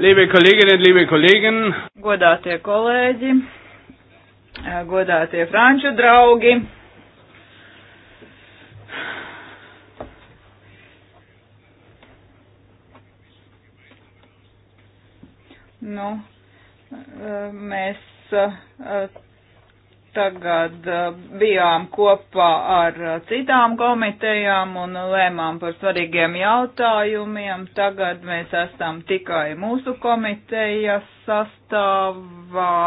Liebe Kolleginnen, liebe Kollegen, godātie kolēģi, godātie franču draugi, nu, mēs tagad uh, bijām kopā ar uh, citām komitejām un lēmām par svarīgiem jautājumiem. Tagad mēs esam tikai mūsu komitejas sastāvā.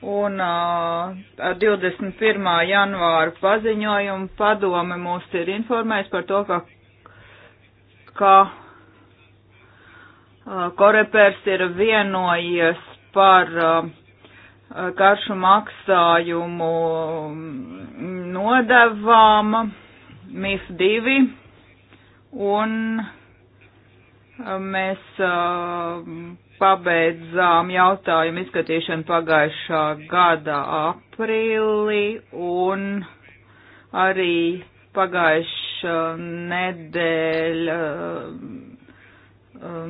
Un uh, 21. janvāra paziņojumu padome mūs ir informējis par to, ka, ka uh, Korepers ir vienojies par uh, Eh, karšu maksājumu mm, nodevām, MIF 2, un eh, mēs eh, pabeidzām jautājumu izskatīšanu pagājušā gada aprīlī, un arī pagājušā nedēļa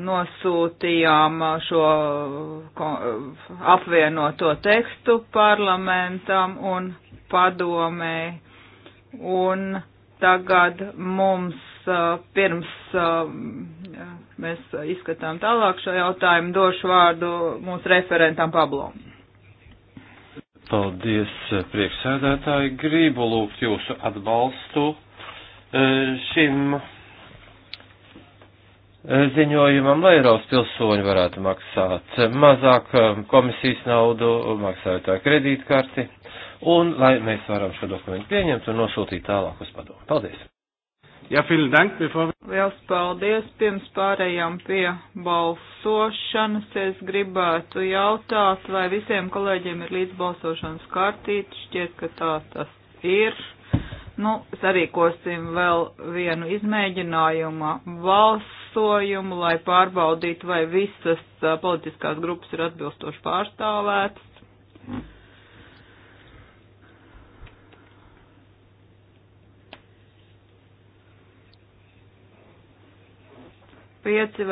nosūtījām šo apvienoto tekstu parlamentam un padomē. Un tagad mums pirms mēs izskatām tālāk šo jautājumu, došu vārdu mūsu referentam Pablo. Paldies, priekšsēdētāji. Gribu lūgt jūsu atbalstu šim E, ziņojumam, lai Eiropas pilsoņi varētu maksāt mazāk e, komisijas naudu, maksājotāju kredītkarti, un lai mēs varam šo dokumentu pieņemt un nosūtīt tālāk uz padomu. Paldies! Jā, ja, vielen dank, bevor... Liels paldies, pirms pārējām pie balsošanas. Es gribētu jautāt, vai visiem kolēģiem ir līdz balsošanas kartīte, šķiet, ka tā tas ir. Nu, sarīkosim vēl vienu izmēģinājumu. Valsts balsojumu, lai pārbaudītu, vai visas politiskās grupas ir atbilstoši pārstāvētas. Pieci,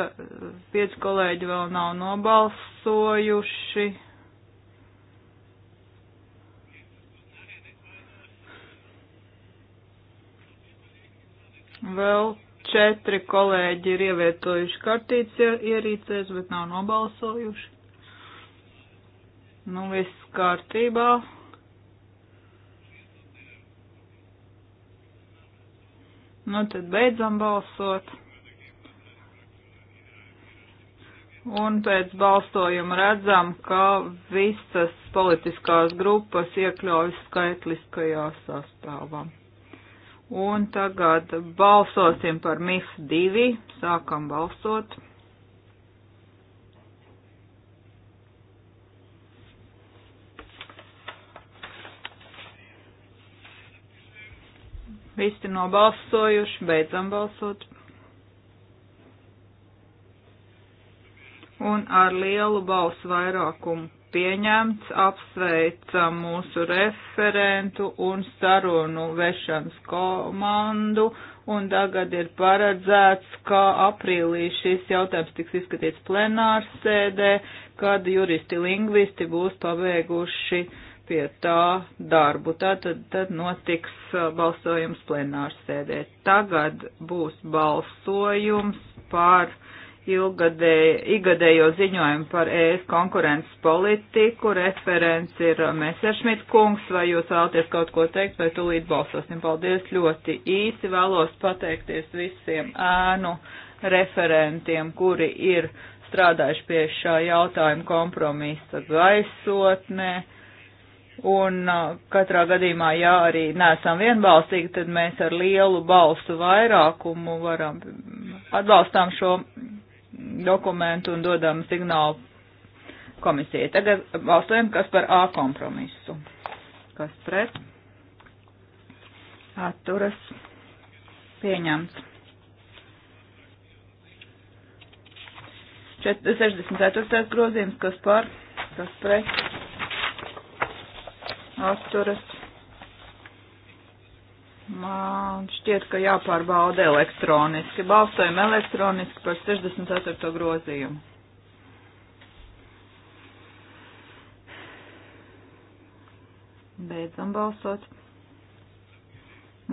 pieci kolēģi vēl nav nobalsojuši. Vēl Četri kolēģi ir ievietojuši kartītes ierīcēs, bet nav nobalsojuši. Nu, viss kārtībā. Nu, tad beidzam balsot. Un pēc balsojuma redzam, ka visas politiskās grupas iekļaujas skaitliskajā sastāvā. Un tagad balsosim par MIF 2. Sākam balsot. Visi nobalsojuši, beidzam balsot. Un ar lielu balsu vairākumu pieņemts, apsveica mūsu referentu un sarunu vešanas komandu, un tagad ir paredzēts, ka aprīlī šis jautājums tiks izskatīts plenārsēdē, kad juristi lingvisti būs pabeiguši pie tā darbu. Tātad tad notiks uh, balsojums plenārsēdē. Tagad būs balsojums par ilgadējo ziņojumu par ES konkurences politiku. Referents ir uh, Messeršmit kungs, vai jūs vēlaties kaut ko teikt, vai tūlīt balsosim. Paldies ļoti īsi, vēlos pateikties visiem ēnu referentiem, kuri ir strādājuši pie šā jautājuma kompromisa gaisotnē. Un uh, katrā gadījumā, ja arī nesam vienbalsīgi, tad mēs ar lielu balsu vairākumu varam atbalstām šo dokumentu un dodam signālu komisijai. Tagad balsojam, kas par A kompromisu. Kas pret? Atturas. Pieņemts. 64. grozījums, kas par, kas pret, atturas, Man šķiet, ka jāpārbauda elektroniski. Balsojam elektroniski par 64. grozījumu. Beidzam balsot.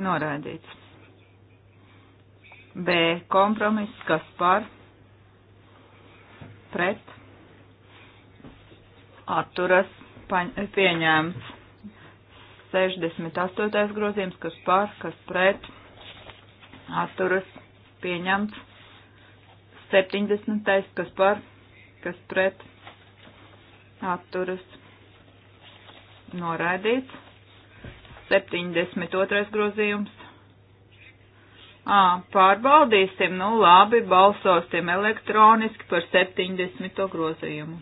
Noraidīts. B. Kompromiss, kas par? Pret. Atturas. Paņ, pieņēmts. 68. grozījums, kas par, kas pret, atturas, pieņemts. 70. kas par, kas pret, atturas, noraidīts. 72. grozījums. Ā, pārbaudīsim, nu labi, balsosim elektroniski par 70. grozījumu.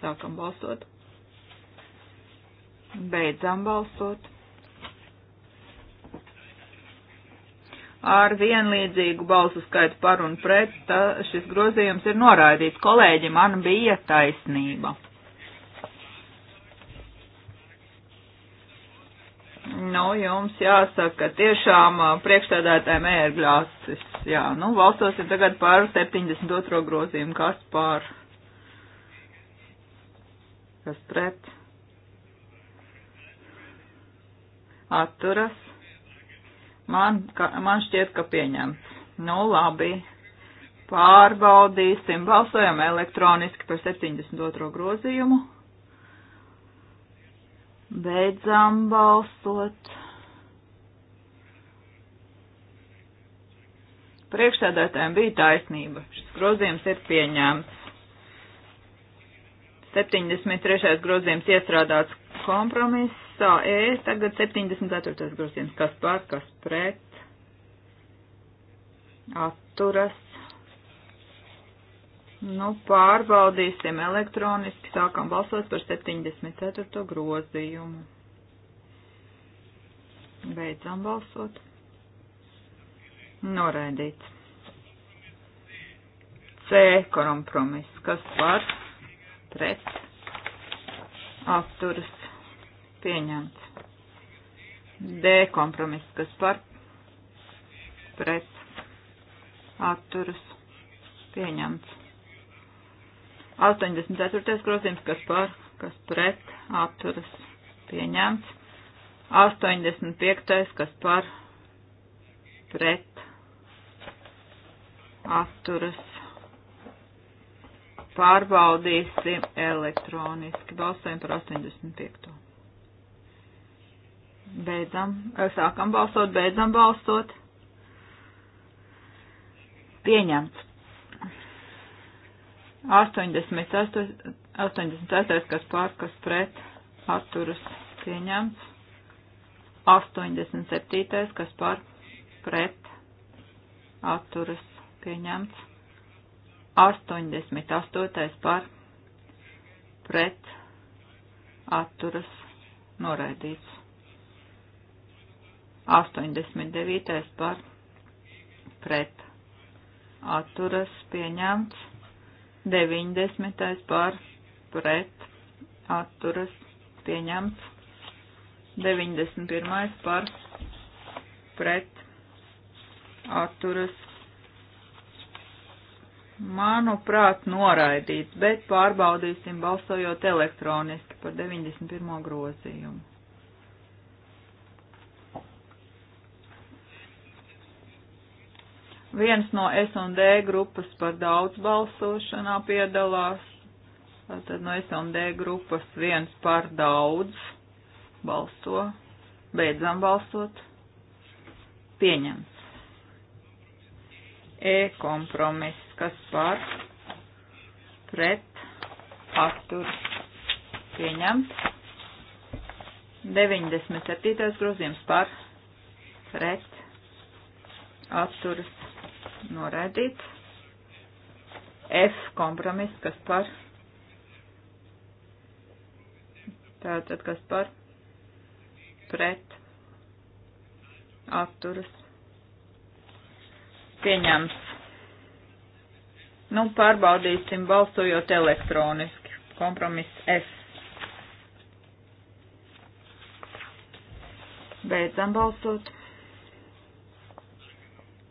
Sākam balsot. Beidzam balsot. ar vienlīdzīgu balsu skaitu par un pret, tā, šis grozījums ir noraidīts. Kolēģi, man bija taisnība. Nu, jums jāsaka, tiešām uh, priekšstādātājiem ērgļācis. Jā, nu, valstosim tagad par 72. grozījumu. Kas pār? Kas pret? Atturas Man, ka, man šķiet, ka pieņemts. Nu, labi. Pārbaudīsim. Balsojam elektroniski par 72. grozījumu. Beidzam balsot. Priekšsēdētājiem bija taisnība. Šis grozījums ir pieņemts. 73. grozījums iestrādāts kompromiss SAE, tagad 74. grozījums, kas par, kas pret, atturas. Nu, pārbaudīsim elektroniski, sākam balsot par 74. grozījumu. Beidzam balsot. Noraidīts. C kompromiss, kas par, pret, atturas pieņemts. D kompromiss, kas par pret atturas pieņemts. 84. grozījums, kas par, kas pret atturas pieņemts. 85. kas par pret atturas pārbaudīsim elektroniski. Balsojam par 85. Beidzam, eh, sākam balsot, beidzam balsot. Pieņemts. 88, 88 kas pār, kas pret, atturas pieņemts. 87, kas pār, pret, atturas pieņemts. 88 par, pret, atturas noraidīts. 89. par pret atturas pieņemts, 90. par pret atturas pieņemts, 91. par pret atturas. Manuprāt, noraidīts, bet pārbaudīsim balsojot elektroniski par 91. grozījumu. Viens no S&D grupas par daudz balsošanā piedalās, tad no S&D grupas viens par daudz balso, beidzam balsot, pieņems. E kompromiss, kas par, pret, attur, pieņems. 97. grozījums par, pret, atturas, noraidīts. F kompromiss, kas par. Tātad, kas par. Pret. Atturas. Pieņems. Nu, pārbaudīsim balsojot elektroniski. Kompromiss F. Beidzam balsot.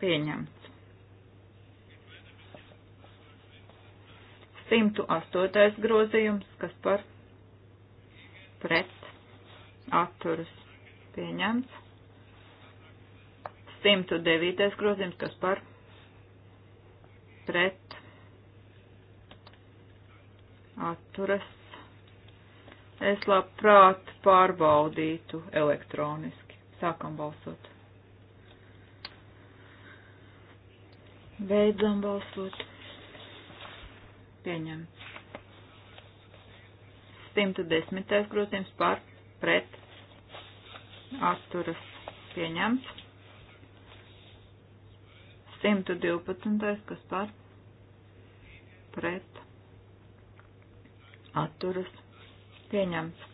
Pieņemt. 108. grozījums, kas par pret atturas pieņemts. 109. grozījums, kas par pret atturas. Es labprāt pārbaudītu elektroniski. Sākam balsot. Beidzam balsot pieņemts. 110. grozījums par pret atturas pieņemts. 112. kas par pret atturas pieņemts.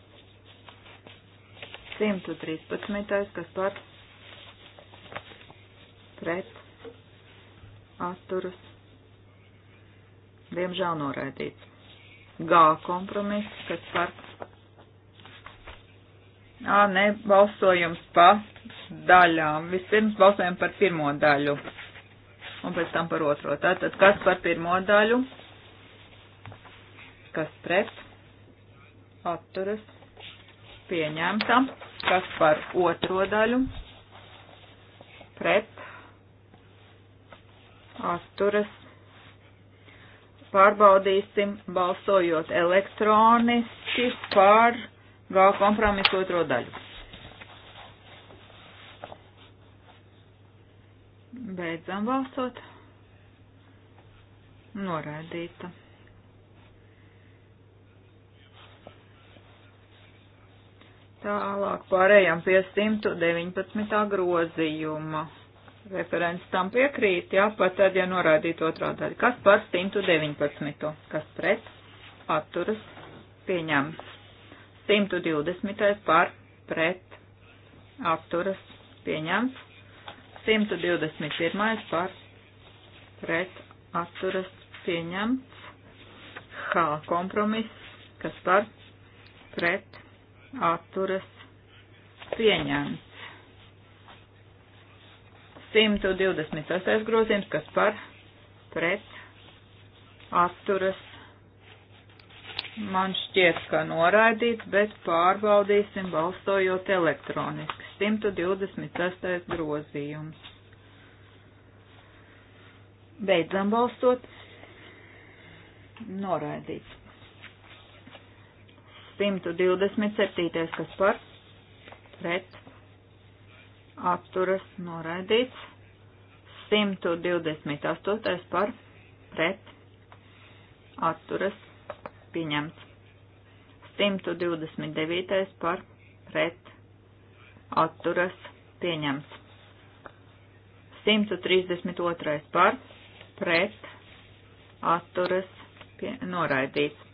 113. kas par pret atturas pieņemts Diemžēl noraidīts. G kompromiss, kas par. Ā, ne, balsojums pa daļām. Vispirms balsojam par pirmo daļu un pēc tam par otro. Tātad, kas par pirmo daļu? Kas pret? Atturas. Pieņemta. Kas par otro daļu? Pret. Atturas pārbaudīsim balsojot elektroniski par G kompromisu otro daļu. Beidzam balsot. Noraidīta. Tālāk pārējām pie 119. grozījuma. Referents tam piekrīt, jā, pat tad, ja norādīt otrā daļa. Kas par 119? Kas pret? Atturas pieņemts. 120. par pret. Atturas pieņemts. 121. par pret. Atturas pieņemts. H kompromiss. Kas par pret. Atturas pieņemts. 128. grozījums, kas par pret atturas. Man šķiet, ka noraidīts, bet pārbaudīsim balsojot elektroniski. 126. grozījums. Beidzam balsot. Noraidīts. 127. kas par pret atturas noraidīts. 128. par pret atturas pieņemts. 129. par pret atturas pieņemts. 132. par pret atturas pie, noraidīts.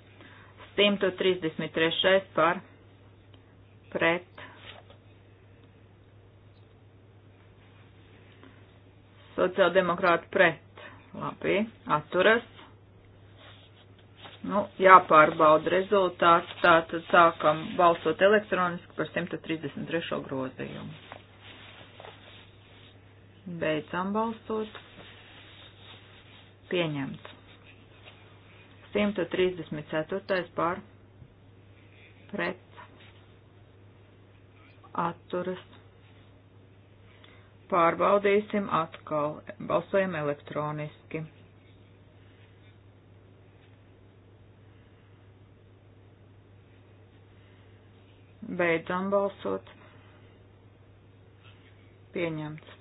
133. par pret sociāldemokrāti pret. Labi, atturas. Nu, jāpārbauda rezultāts, tātad sākam balsot elektroniski par 133. grozījumu. Beidzam balsot. Pieņemts. 134. pār pret atturas Pārbaudīsim atkal. Balsojam elektroniski. Beidzam balsot. Pieņemts.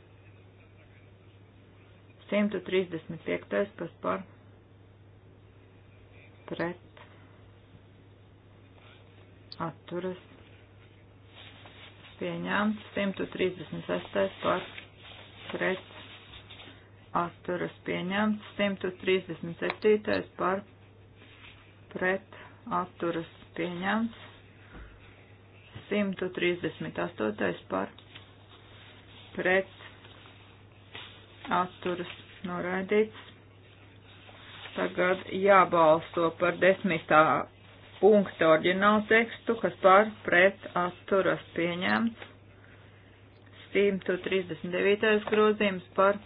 135. kas par pret atturas. Pieņemts. 136. par pret atturas pieņemts, 137. par pret atturas pieņemts, 138. par pret atturas noraidīts. Tagad jābalso par desmitā punkta oriģinālu tekstu, kas par pret atturas pieņemts. 139. grozījums par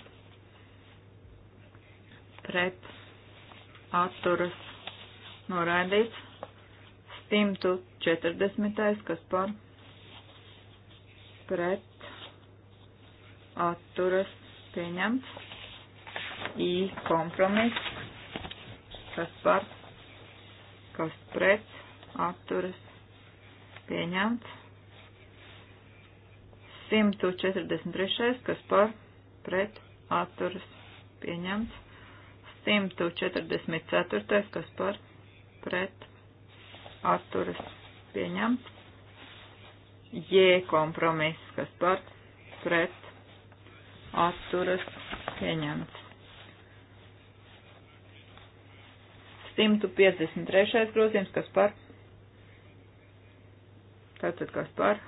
pret atturas noraidīts. 140. kas par pret atturas pieņemts. I kompromiss, kas par, kas pret atturas pieņemts. 143. kas par pret atturas pieņemts. 144. kas par pret atturas pieņemts. J kompromiss, kas par pret atturas pieņemts. 153. grozījums, kas par. Tātad, kas par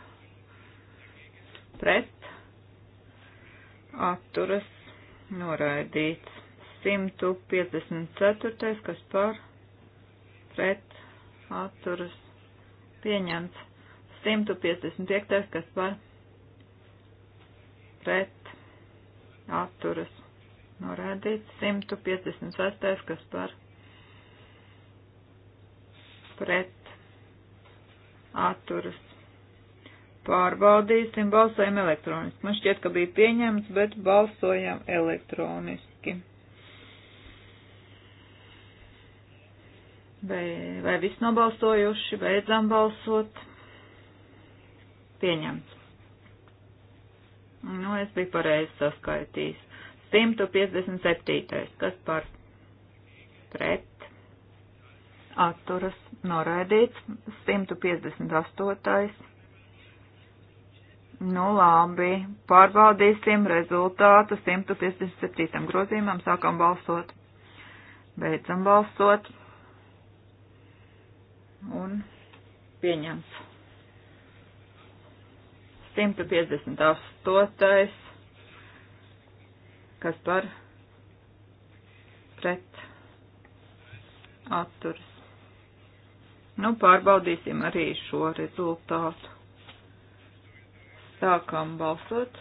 pret atturas noraidīts. 154. kas par pret atturas pieņemts. 155. kas par pret atturas noraidīts. 156. kas par pret atturas Pārbaudīsim, balsojam elektroniski. Man šķiet, ka bija pieņemts, bet balsojam elektroniski. Vai, vai viss nobalsojuši, beidzam balsot? Pieņemts. Nu, es biju pareizi saskaitījis. 157. Kas par pret? Atturas noraidīts. 158 Nu labi, pārbaudīsim rezultātu 157. grozījumam, sākam balsot, beidzam balsot un pieņems. 158. kas par pret atturs. Nu, pārbaudīsim arī šo rezultātu. Sākam balsot.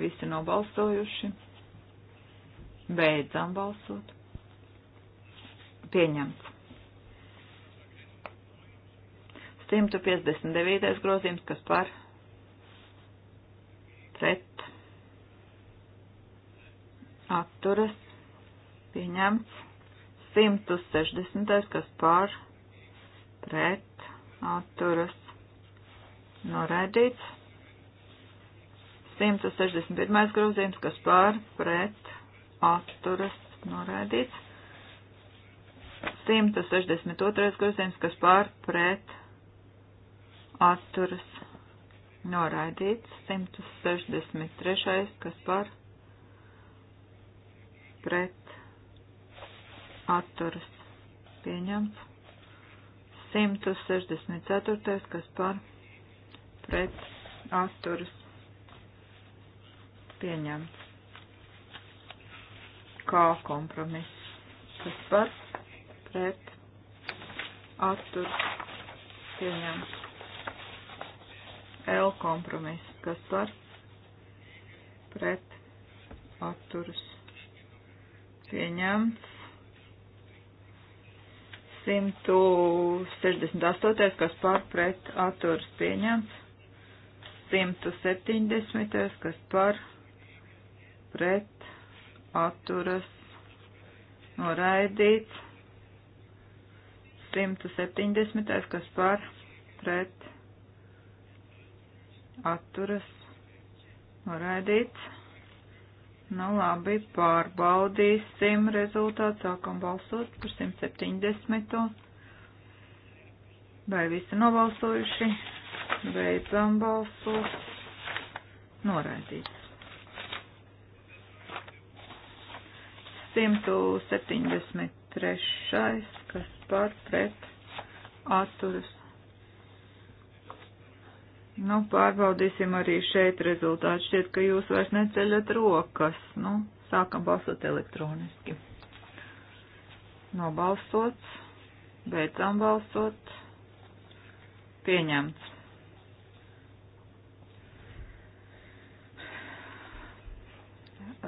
Visi nobalsojuši. Beidzam balsot. Pieņemts. 159. grozījums, kas par pret atturas pieņemts. 160. kas par pret atturas noraidīts. 161. grozījums, kas pār pret atturas noraidīts. 162. grozījums, kas pār pret atturas noraidīts. 163. kas pār pret atturas pieņemts. 164. kas pār pret pret atturas pieņemts. Kā kompromiss. Tas par pret atturas pieņemts. L kompromiss. Kas par pret atturas pieņemts. 168. kas par pret atturas pieņemts. 170. kas par pret atturas noraidīts. 170. kas par pret atturas noraidīts. Nu labi, pārbaudīsim rezultātu, sākam balsot par 170. Vai visi nobalsojuši? Beidzam balsot. Noraidīts. 173. kas par pret atturas. Nu, pārbaudīsim arī šeit rezultātu. Šķiet, ka jūs vairs neceļat rokas. Nu, sākam balsot elektroniski. Nobalsots, beidzam balsot, pieņemts.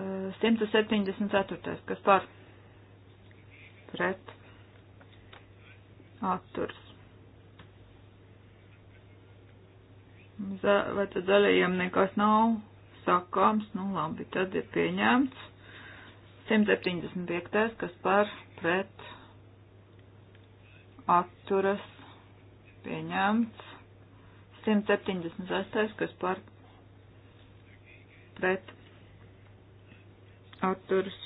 174. kas par pret atturs. Vai tad zaļajiem nekas nav sakāms? Nu labi, tad ir pieņemts. 175. kas par pret atturas pieņemts. 176. kas par pret atturas.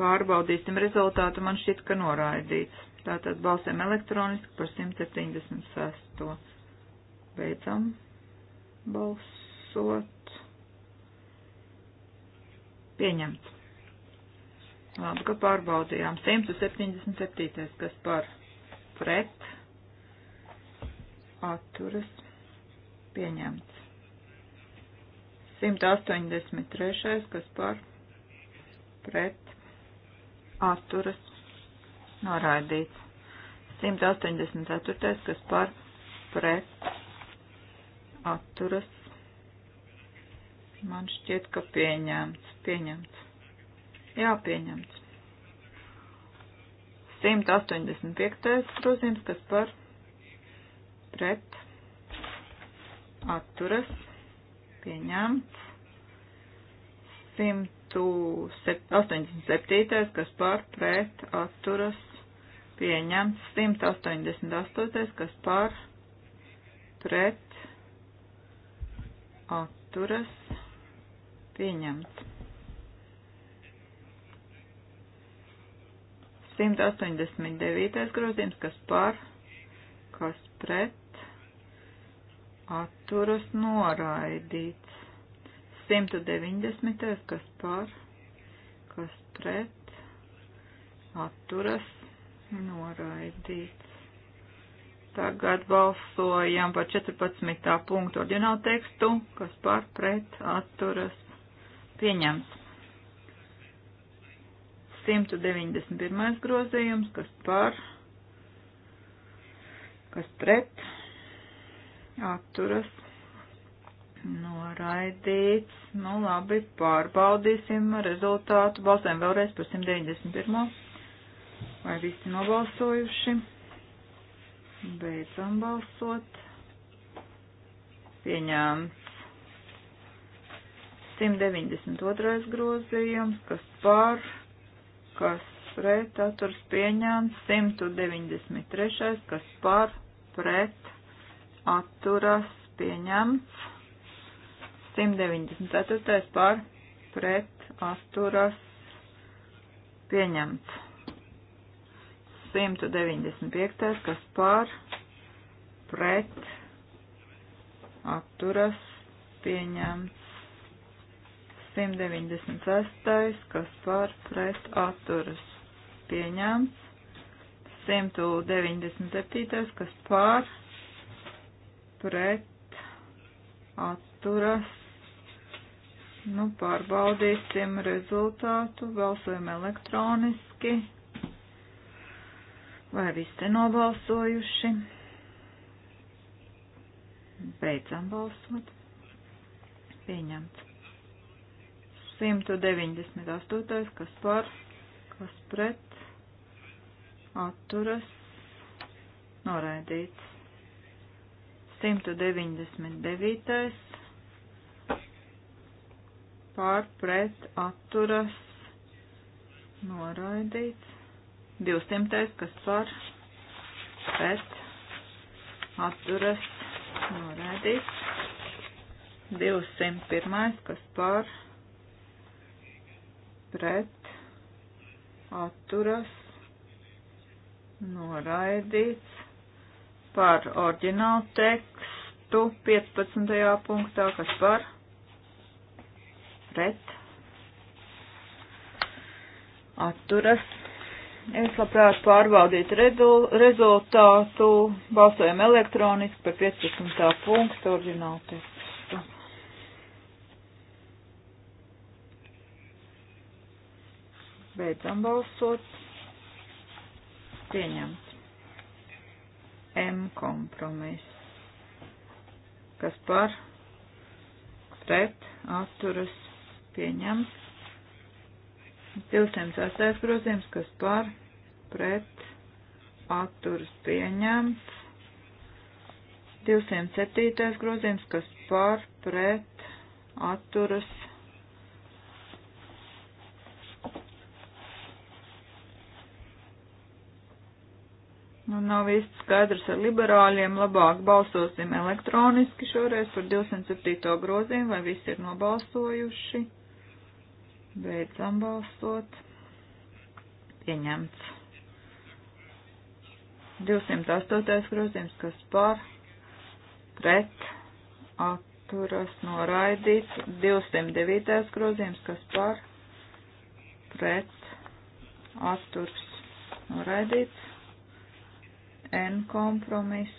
Pārbaudīsim rezultātu, man šķiet, ka noraidīts. Tātad balsēm elektroniski par 176. Beidzam balsot. Pieņemts. Labi, ka pārbaudījām. 177. kas par pret atturas pieņemts. 183. kas par pret atturas noraidīts. 184. kas par pret atturas man šķiet, ka pieņemts. Pieņemts. Jā, pieņemts. 185. grozījums, kas par pret atturas pieņemts. 100. 187. kas par pret atturas pieņemts. 188. kas par pret atturas pieņemts. 189. grozījums, kas par, kas pret, atturas noraidīts. 190. kas par, kas pret, atturas, noraidīts. Tagad balsojam par 14. punktu ordinālu tekstu, kas par, pret, atturas, pieņems. 191. grozījums, kas par, kas pret, atturas, Noraidīts. Nu, labi, pārbaudīsim rezultātu. Balsēm vēlreiz par 191. Vai visi nobalsojuši? Beidzam balsot. Pieņēmts. 192. grozījums, kas par, kas pret, atturs pieņēmts. 193. kas par, pret, atturas pieņemts. 194. par pret asturas pieņemts. 195. kas par pret atturas pieņemts. 196. kas par pret atturas pieņemts. 197. kas pār pret atturas Nu, pārbaudīsim rezultātu, balsojam elektroniski. Vai visi nobalsojuši? Beidzam balsot. Pieņemts. 198. kas par, kas pret, atturas, noraidīts. 199 pārpret atturas noraidīts. 200. kas par pret atturas noraidīts. 201. kas par pret atturas noraidīts. Par oriģinālu tekstu 15. punktā, kas par pret pret atturas. Es labprāt pārbaudītu rezultātu, balsojam elektroniski par 15. punktu oriģinālu tekstu. Beidzam balsot. Pieņemts. M kompromiss. Kas par? Pret atturas pieņemts. 206. grozījums, kas par pret atturas pieņemts. 207. grozījums, kas par pret atturas Nu, nav īsti skaidrs ar liberāļiem, labāk balsosim elektroniski šoreiz par 207. grozījumu, vai visi ir nobalsojuši. Beidzam balsot. Pieņemts. 208. grozījums, kas par, pret, atturas, noraidīts. 209. grozījums, kas par, pret, atturas, noraidīts. N kompromiss,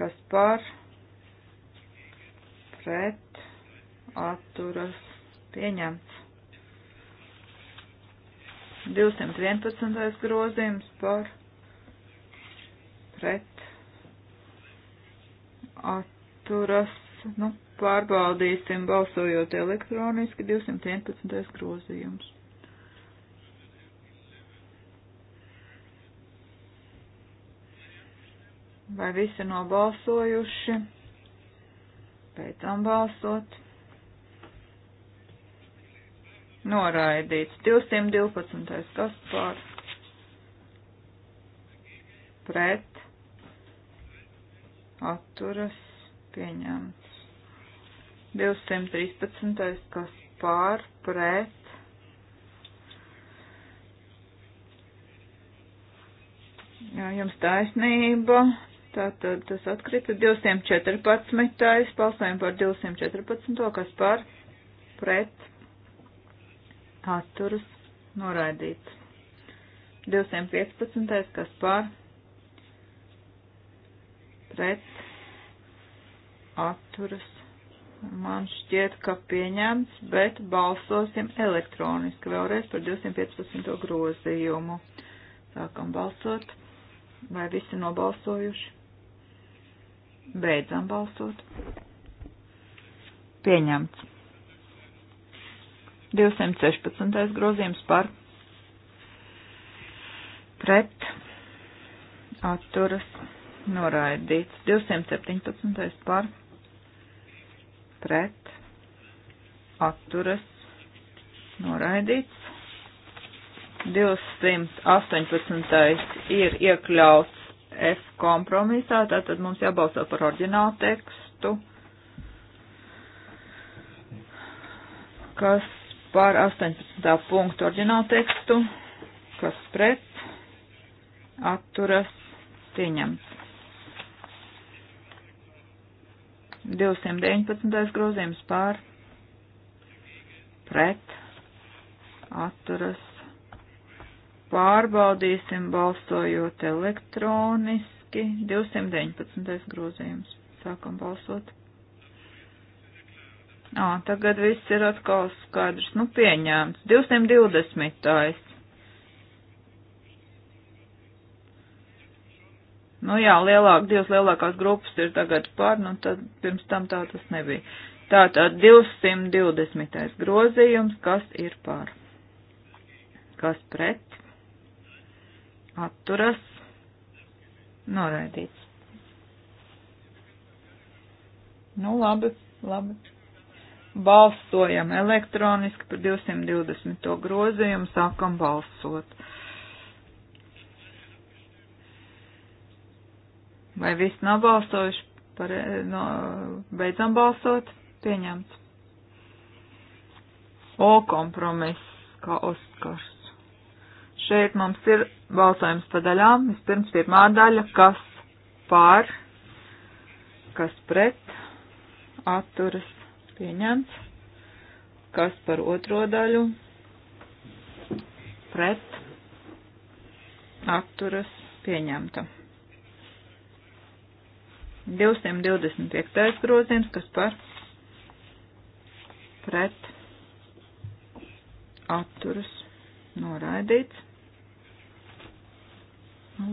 kas par, pret, atturas pieņemts. 211. grozījums par pret atturas, nu, pārbaudīsim balsojot elektroniski 211. grozījums. Vai visi nobalsojuši? Pēc tam balsot noraidīts. 212. kas pār pret atturas pieņemts. 213. kas pār pret Jā, jums taisnība. Tātad tas atkrita 214. Balsojam par 214. kas par pret atturas noraidīts. 215. kas pār pret atturas. Man šķiet, ka pieņemts, bet balsosim elektroniski vēlreiz par 215. grozījumu. Sākam balsot. Vai visi nobalsojuši? Beidzam balsot. Pieņemts. 216. grozījums par pret atturas noraidīts. 217. par pret atturas noraidīts. 218. ir iekļauts F kompromisā, tātad mums jābalso par oriģinālu tekstu, kas par 18. punktu orģinālu tekstu, kas pret atturas pieņemts. 219. grozījums pār pret atturas. Pārbaudīsim balsojot elektroniski. 219. grozījums. Sākam balsot. Ā, tagad viss ir atkal skaidrs. Nu, pieņēmts. 220. Nu jā, lielāk, divas lielākās grupas ir tagad pār, nu tad pirms tam tā tas nebija. Tātad 220. grozījums, kas ir pār? Kas pret? Atturas? Noraidīts. Nu labi, labi. Balsojam elektroniski par 220. grozījumu, sākam balsot. Vai viss nav balsojuši? Par, no, beidzam balsot? Pieņemts. O kompromiss, kā Oskars. Šeit mums ir balsojums pa daļām. Vispirms pirmā daļa, kas pār, kas pret, atturas pieņemts. Kas par otro daļu? Pret. Atturas pieņemta. 225. grozījums, kas par pret atturas noraidīts.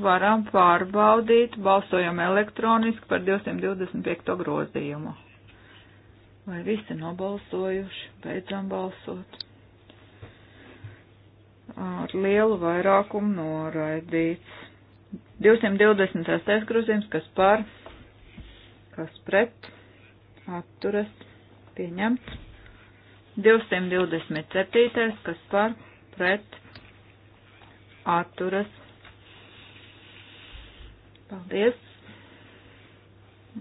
Varam pārbaudīt, balsojam elektroniski par 225. grozījumu. Vai visi nobalsojuši? Beidzam balsot. Ar lielu vairākumu noraidīts. 226. grozījums, kas par, kas pret, atturas, pieņemts. 227. kas par, pret, atturas. Paldies!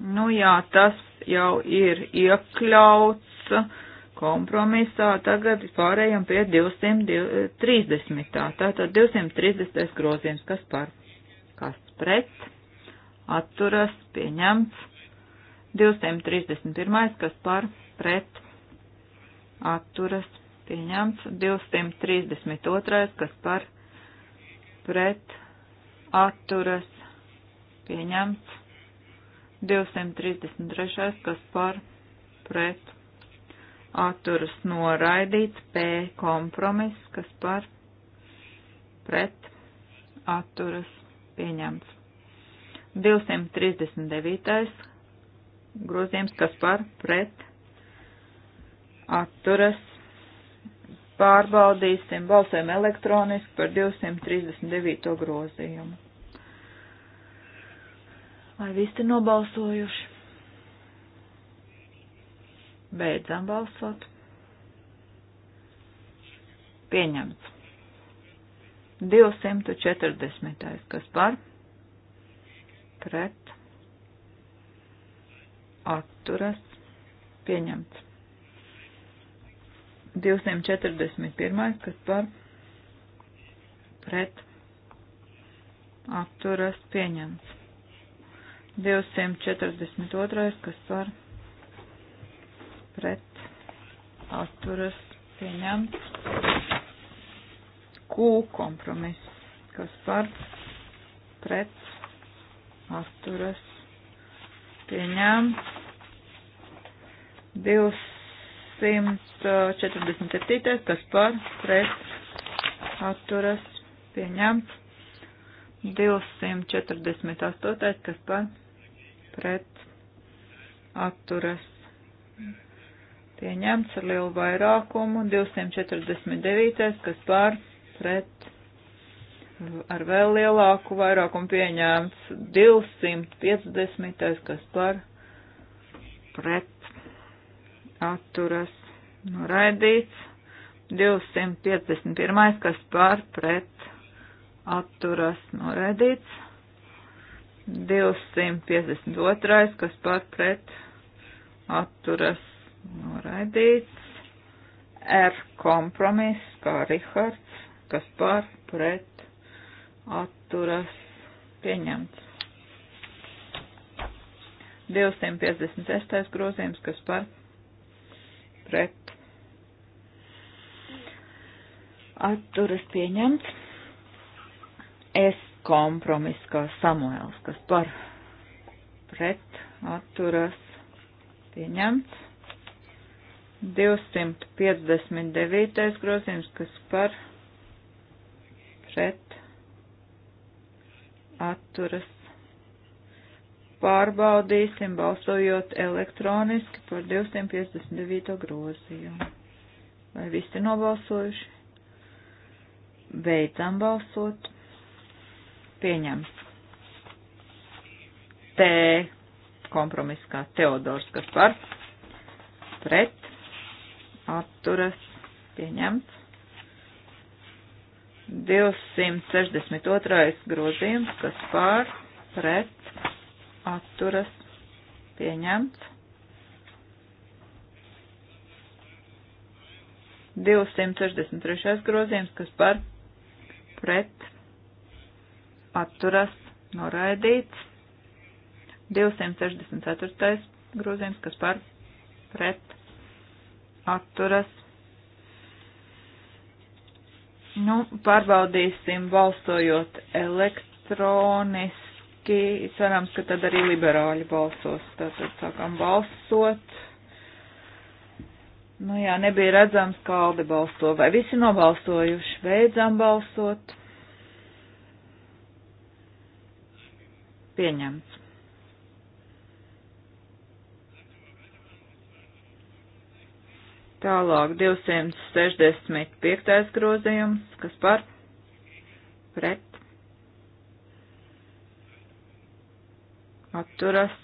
Nu jā, tas jau ir iekļauts kompromisā. Tagad pārējām pie 230. Tātad 230. grozījums, kas par, kas pret, atturas, pieņemts. 231. kas par, pret, atturas, pieņemts. 232. kas par, pret, atturas, pieņemts. 233. kas par pret atturas noraidīts, P kompromiss, kas par pret atturas pieņemts. 239. grozījums, kas par pret atturas pārbaudīsim, balsēm elektroniski par 239. grozījumu. Vai visi ir nobalsojuši? Beidzam balsot. Pieņemts. 240. kas par? Pret. Atturas. Pieņemts. 241. kas par? Pret. Atturas. Pieņemts. 242. kas par pret atturas pieņemt. Q kompromiss, kas par pret atturas pieņemt. 247. kas par pret atturas pieņemt. 248. kas par pret pret atturas pieņemts ar lielu vairākumu, 249, kas pār pret ar vēl lielāku vairākumu pieņēmts 250, kas par pret atturas noraidīts, 251, kas par pret atturas noraidīts, 252, kas par pret atturas noraidīts. R kompromiss, kā Rihards, kas par pret atturas pieņemts. 256. grozījums, kas par pret atturas pieņemts. S kompromis kā Samuēls, kas par pret atturas pieņemts. 259. grozījums, kas par pret atturas pārbaudīsim, balsojot elektroniski par 259. grozījumu. Vai visi nobalsojuši? Beidzam balsot pieņemts. T kompromiss kā Teodors, kas par pret atturas pieņemts. 262. grozījums, kas pār pret atturas pieņemts. 263. grozījums, kas par pret atturas noraidīts. 264. grozījums, kas par pret atturas. Nu, pārbaudīsim balsojot elektroniski. Cerams, ka tad arī liberāļi balsos. Tātad sākam balsot. Nu jā, nebija redzams, kā Alde balso. Vai visi nobalsojuši? Beidzam balsot. Pieņemts. Tālāk 265. grozījums, kas par pret atturas.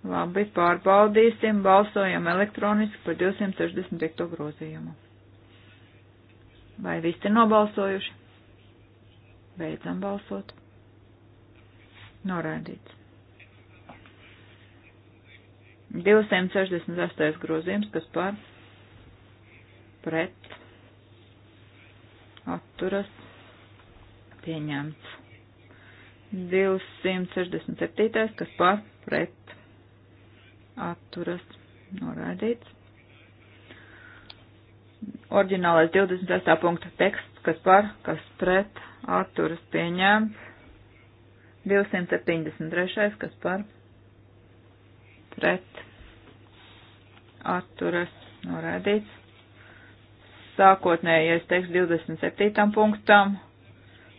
Labi, pārbaudīsim, balsojam elektroniski par 265. grozījumu. Vai visi ir nobalsojuši? Beidzam balsot. Noraidīts. 268. grozījums, kas par pret atturas pieņemts. 267. kas par pret atturas noraidīts. Orģinālais 28. punkta teksts, kas par, kas pret atturas pieņemts. 253. kas par pret atturas norādīts. Sākotnējais teksts 27. punktam.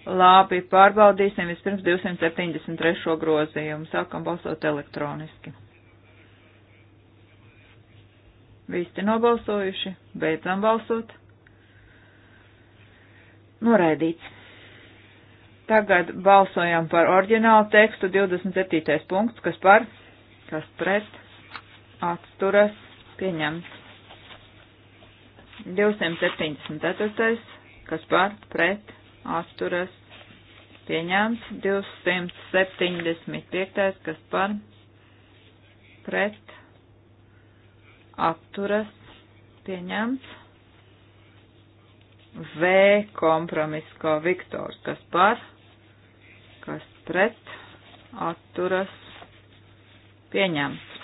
Labi, pārbaudīsim vispirms 273. grozījumu. Sākam balsot elektroniski. Visi nobalsojuši, beidzam balsot. Noraidīts. Tagad balsojam par oriģinālu tekstu 27. punkts, kas par, kas pret, atsturas, pieņemts. 274. kas par, pret, atsturas, pieņemts. 275. kas par, pret, atturas, pieņemts. V kompromiss kā Viktors, kas par, kas pret, atturas, pieņemts.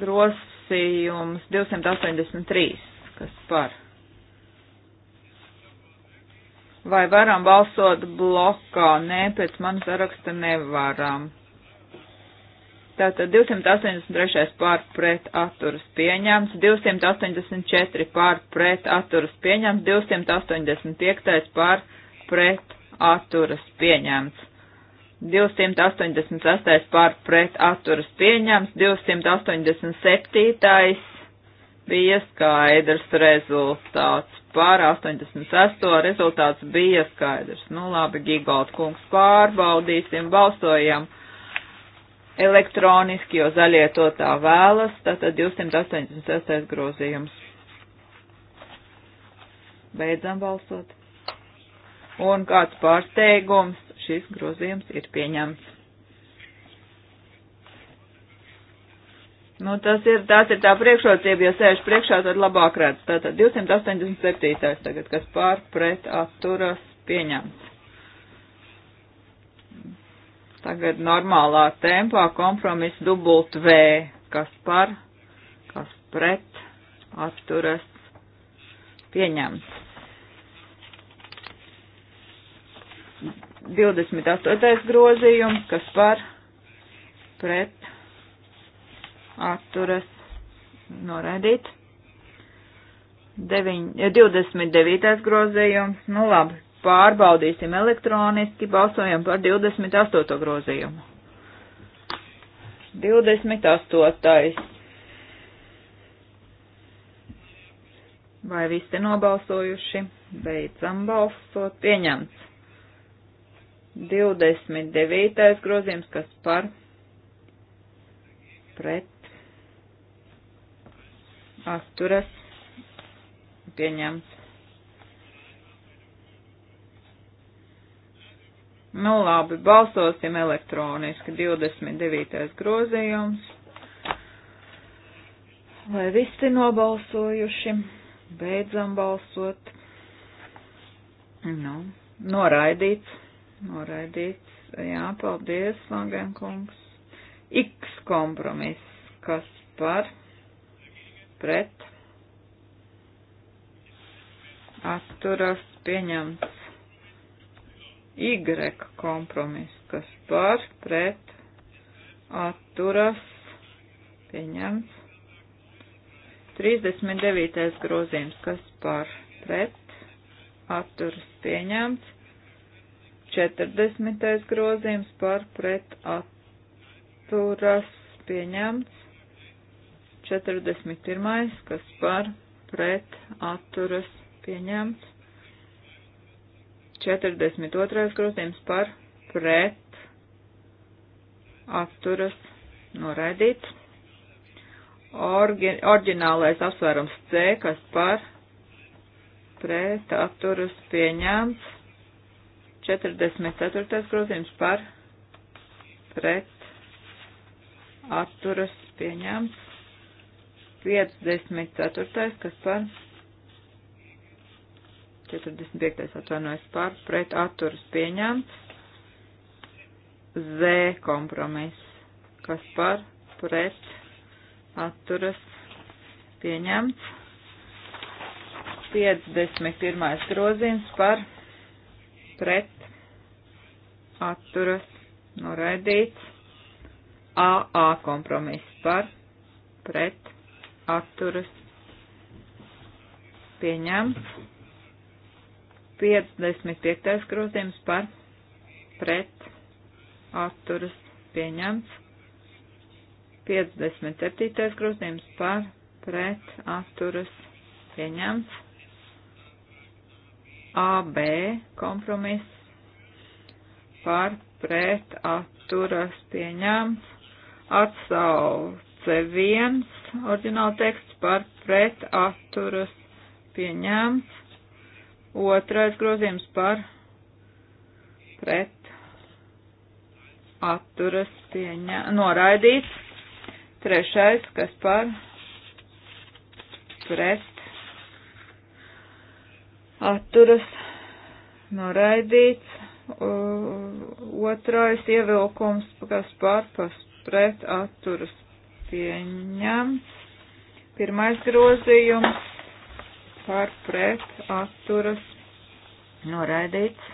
Grosījums 283, kas par. Vai varam balsot blokā? Nē, pēc manas saraksta nevaram. Tātad 283 pār pret atturas pieņemts, 284 pār pret atturas pieņemts, 285 pār pret atturas pieņemts. 286. pār pret atturas pieņemts, 287. bija skaidrs rezultāts. Pār 88. rezultāts bija skaidrs. Nu labi, Gigold kungs, pārbaudīsim, balsojam elektroniski, jo zaļie to tā vēlas. Tātad 286. grozījums. Beidzam balsot un kāds pārsteigums šis grozījums ir pieņemts. Nu, tas ir, tās ir tā priekšrocība, ja sēž priekšā, tad labāk redz. Tātad 287. tagad, kas pār pret atturas pieņemts. Tagad normālā tempā kompromiss dubult V, kas par, kas pret atturas pieņemts. 28. grozījums, kas par pret atturas noraidīt. 9, 29. grozījums, nu labi, pārbaudīsim elektroniski, balsojam par 28. grozījumu. 28. Vai visi nobalsojuši? Beidzam balsot. Pieņemts. 29. grozījums, kas par pret atturas pieņemts. Nu labi, balsosim elektroniski 29. grozījums. Lai visi nobalsojuši, beidzam balsot. Nu, noraidīts. Noraidīts. Jā, paldies, Langenkungs. X kompromiss, kas par pret atturas pieņemts. Y kompromiss, kas par pret atturas pieņemts. 39. grozījums, kas par pret atturas pieņemts. 40. grozījums par pret atturas pieņemts. 41. kas par pret atturas pieņemts. 42. grozījums par pret atturas noraidīts. Orgi, orģinālais apsvērums C, kas par pret atturas pieņemts. 44. grozījums par pret atturas pieņemts. 54. kas par 45. atvainojas par pret atturas pieņemts. Z kompromiss, kas par pret atturas pieņemts. 51. grozījums par pret atturas noraidīts. AA kompromiss par pret atturas pieņemts. 55. grozījums par pret atturas pieņemts. 57. grozījums par pret atturas pieņemts. AB kompromiss par pret atturas pieņemts. Atsauce viens, oriģināla teksts par pret atturas pieņemts. Otrais grozījums par pret atturas pieņemts. Noraidīts. Trešais, kas par pret atturas noraidīts. Uh, otrais ievilkums, kas pārpas pret atturas pieņemts. Pirmais grozījums par pret atturas noraidīts.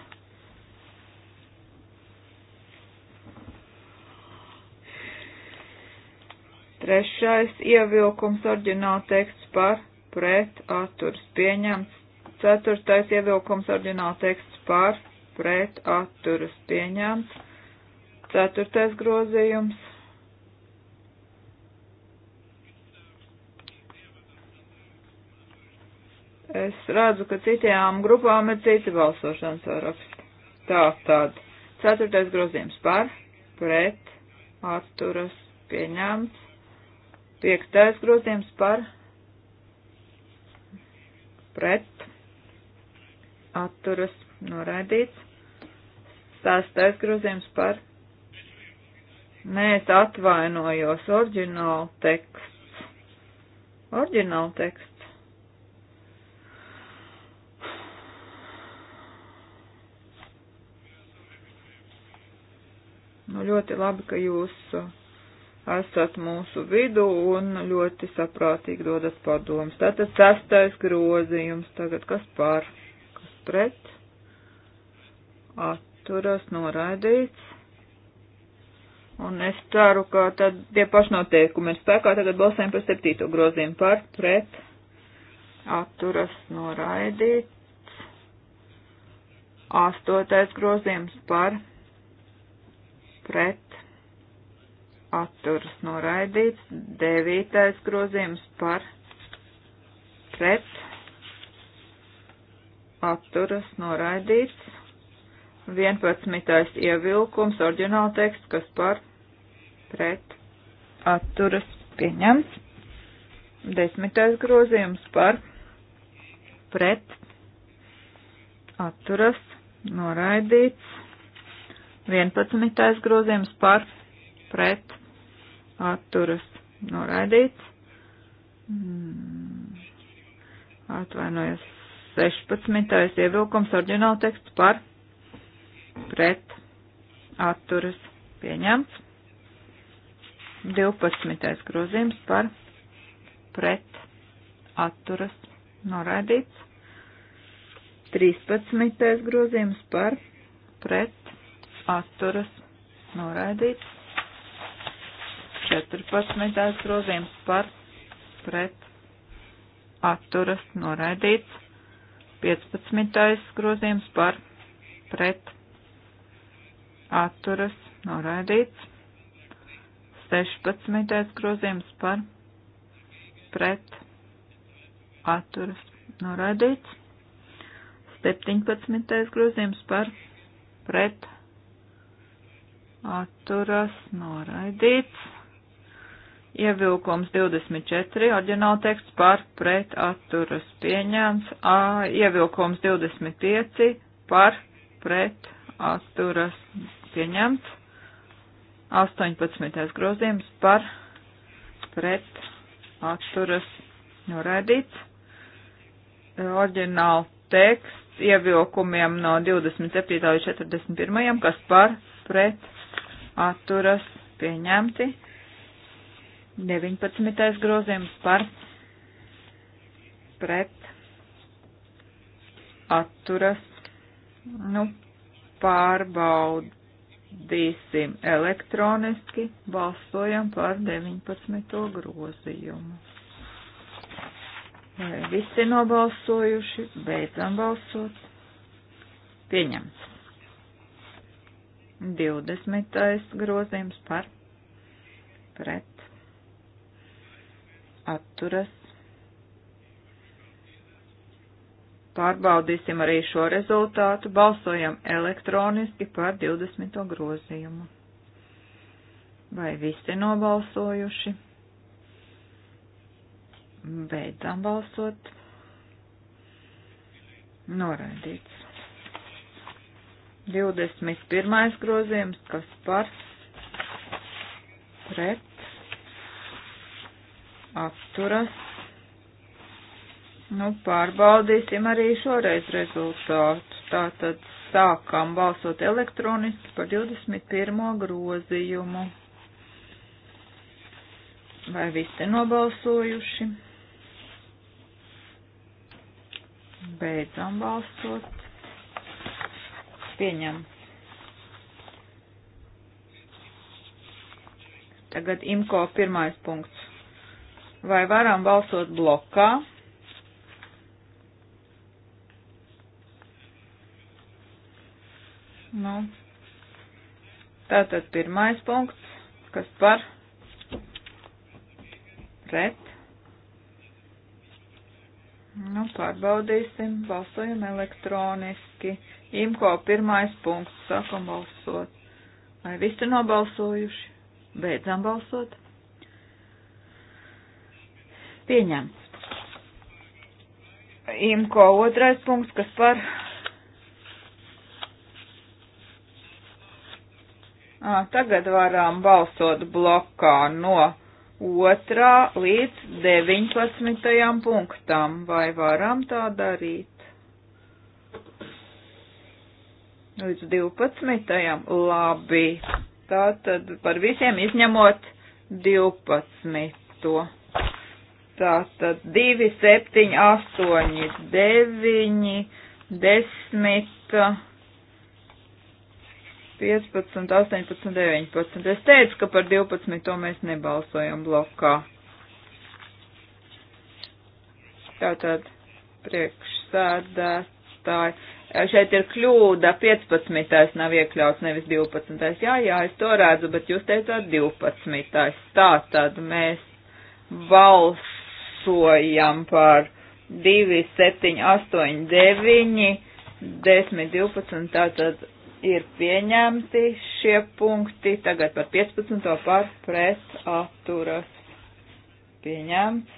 Trešais ievilkums orģināla teksts par pret atturas pieņemts. Ceturtais ievilkums orģināla teksts par pret atturas pieņemts. Ceturtais grozījums. Es redzu, ka citām grupām ir citi balsošanas saraksti. Tā tad. Ceturtais grozījums par, pret, atturas, pieņemts. Piektais grozījums par, pret, atturas, noraidīts. Sastais grozījums par. Nē, es atvainojos. Orģināla teksts. Orģināla teksts. Nu, ļoti labi, ka jūs esat mūsu vidu un ļoti saprātīgi dodat padomus. Tātad sestais grozījums tagad, kas pār, kas pret, at, atturas noraidīts. Un es ceru, ka tad tie pašnoteikumi ir spēkā. Tagad balsēm par septīto grozījumu par pret atturas noraidīts. Astotais grozījums par pret atturas noraidīts. Devītais grozījums par pret atturas noraidīts. 11. ievilkums, oriģināla teksts, kas par pret atturas pieņemts. 10. grozījums par pret atturas noraidīts. 11. grozījums par pret atturas noraidīts. Hmm. Atvainojos 16. ievilkums, oriģināla teksts par pret pret atturas pieņemts. 12. grozījums par pret atturas noraidīts. 13. grozījums par pret atturas noraidīts. 14. grozījums par pret atturas noraidīts. 15. grozījums par pret atturas noraidīts. 16. grozījums par pret atturas noraidīts. 17. grozījums par pret atturas noraidīts. Ievilkums 24, oriģināla teksts par pret atturas pieņēmts, A, ievilkums 25 par pret atturas pieņemts. 18. grozījums par pret atturas noraidīts. Orģināla teksts ievilkumiem no 27. līdz 41. kas par pret atturas pieņemti. 19. grozījums par pret atturas, nu, pārbaud, pārbaudīsim elektroniski, balsojam par 19. grozījumu. Vai visi nobalsojuši, beidzam balsot. Pieņemts. 20. grozījums par pret atturas Pārbaudīsim arī šo rezultātu. Balsojam elektroniski par 20. grozījumu. Vai visi nobalsojuši? Beidzam balsot. Noraidīts. 21. grozījums, kas par pret atturas Nu, pārbaudīsim arī šoreiz rezultātu. Tātad sākam balsot elektroniski par 21. grozījumu. Vai visi nobalsojuši? Beidzam balsot. Pieņem. Tagad imko pirmais punkts. Vai varam balsot blokā? Nu. Tātad pirmais punkts, kas par pret. Nu, pārbaudīsim, balsojam elektroniski. Imko pirmais punkts, sākam balsot. Vai visi nobalsojuši? Beidzam balsot. Pieņemts. Imko otrais punkts, kas par Tagad varam balsot blokā no 2. līdz 19. punktam. Vai varam tā darīt? Līdz 12. labi. Tātad par visiem izņemot 12. Tātad 2, 7, 8, 9, 10. 15, 18, 19. Es teicu, ka par 12 to mēs nebalsojam blokā. Tātad priekšsēdētāji. Šeit ir kļūda, 15. nav iekļauts, nevis 12. Jā, jā, es to redzu, bet jūs teicāt 12. Tātad mēs balsojam par 2, 7, 8, 9, 10, 12. Tātad ir pieņemti šie punkti. Tagad par 15. par pret atturas pieņemts.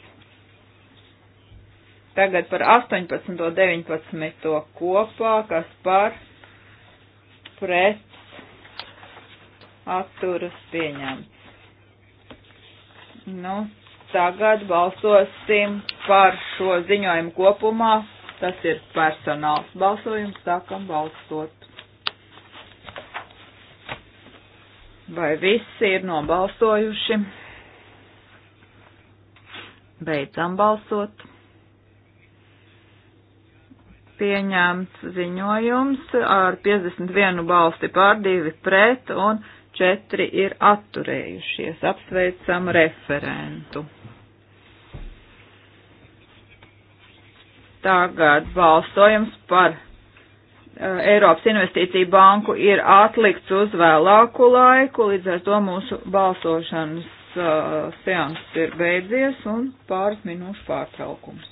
Tagad par 18. 19. kopā, kas par pret atturas pieņemts. Nu, tagad balsosim par šo ziņojumu kopumā. Tas ir personāls balsojums, sākam balsot. Vai visi ir nobalsojuši? Beidzam balsot. Pieņemts ziņojums ar 51 balsti pār 2 pret un 4 ir atturējušies. Apsveicam referentu. Tagad balsojums par Eh, Eiropas Investīcija banku ir atlikts uz vēlāku laiku, līdz ar to mūsu balsošanas uh, eh, seans ir beidzies un pāris minūšu pārtraukums.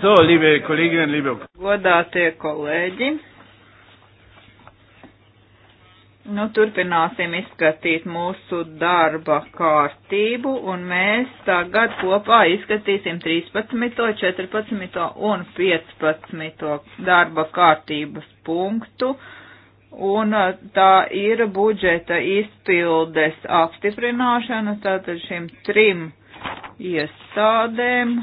So, liebe Kolleginnen, liebe Godātie kolēģi, nu, turpināsim izskatīt mūsu darba kārtību, un mēs tagad kopā izskatīsim 13., 14. un 15. darba kārtības punktu un uh, tā ir budžeta izpildes apstiprināšana tātad šim trim iestādēm.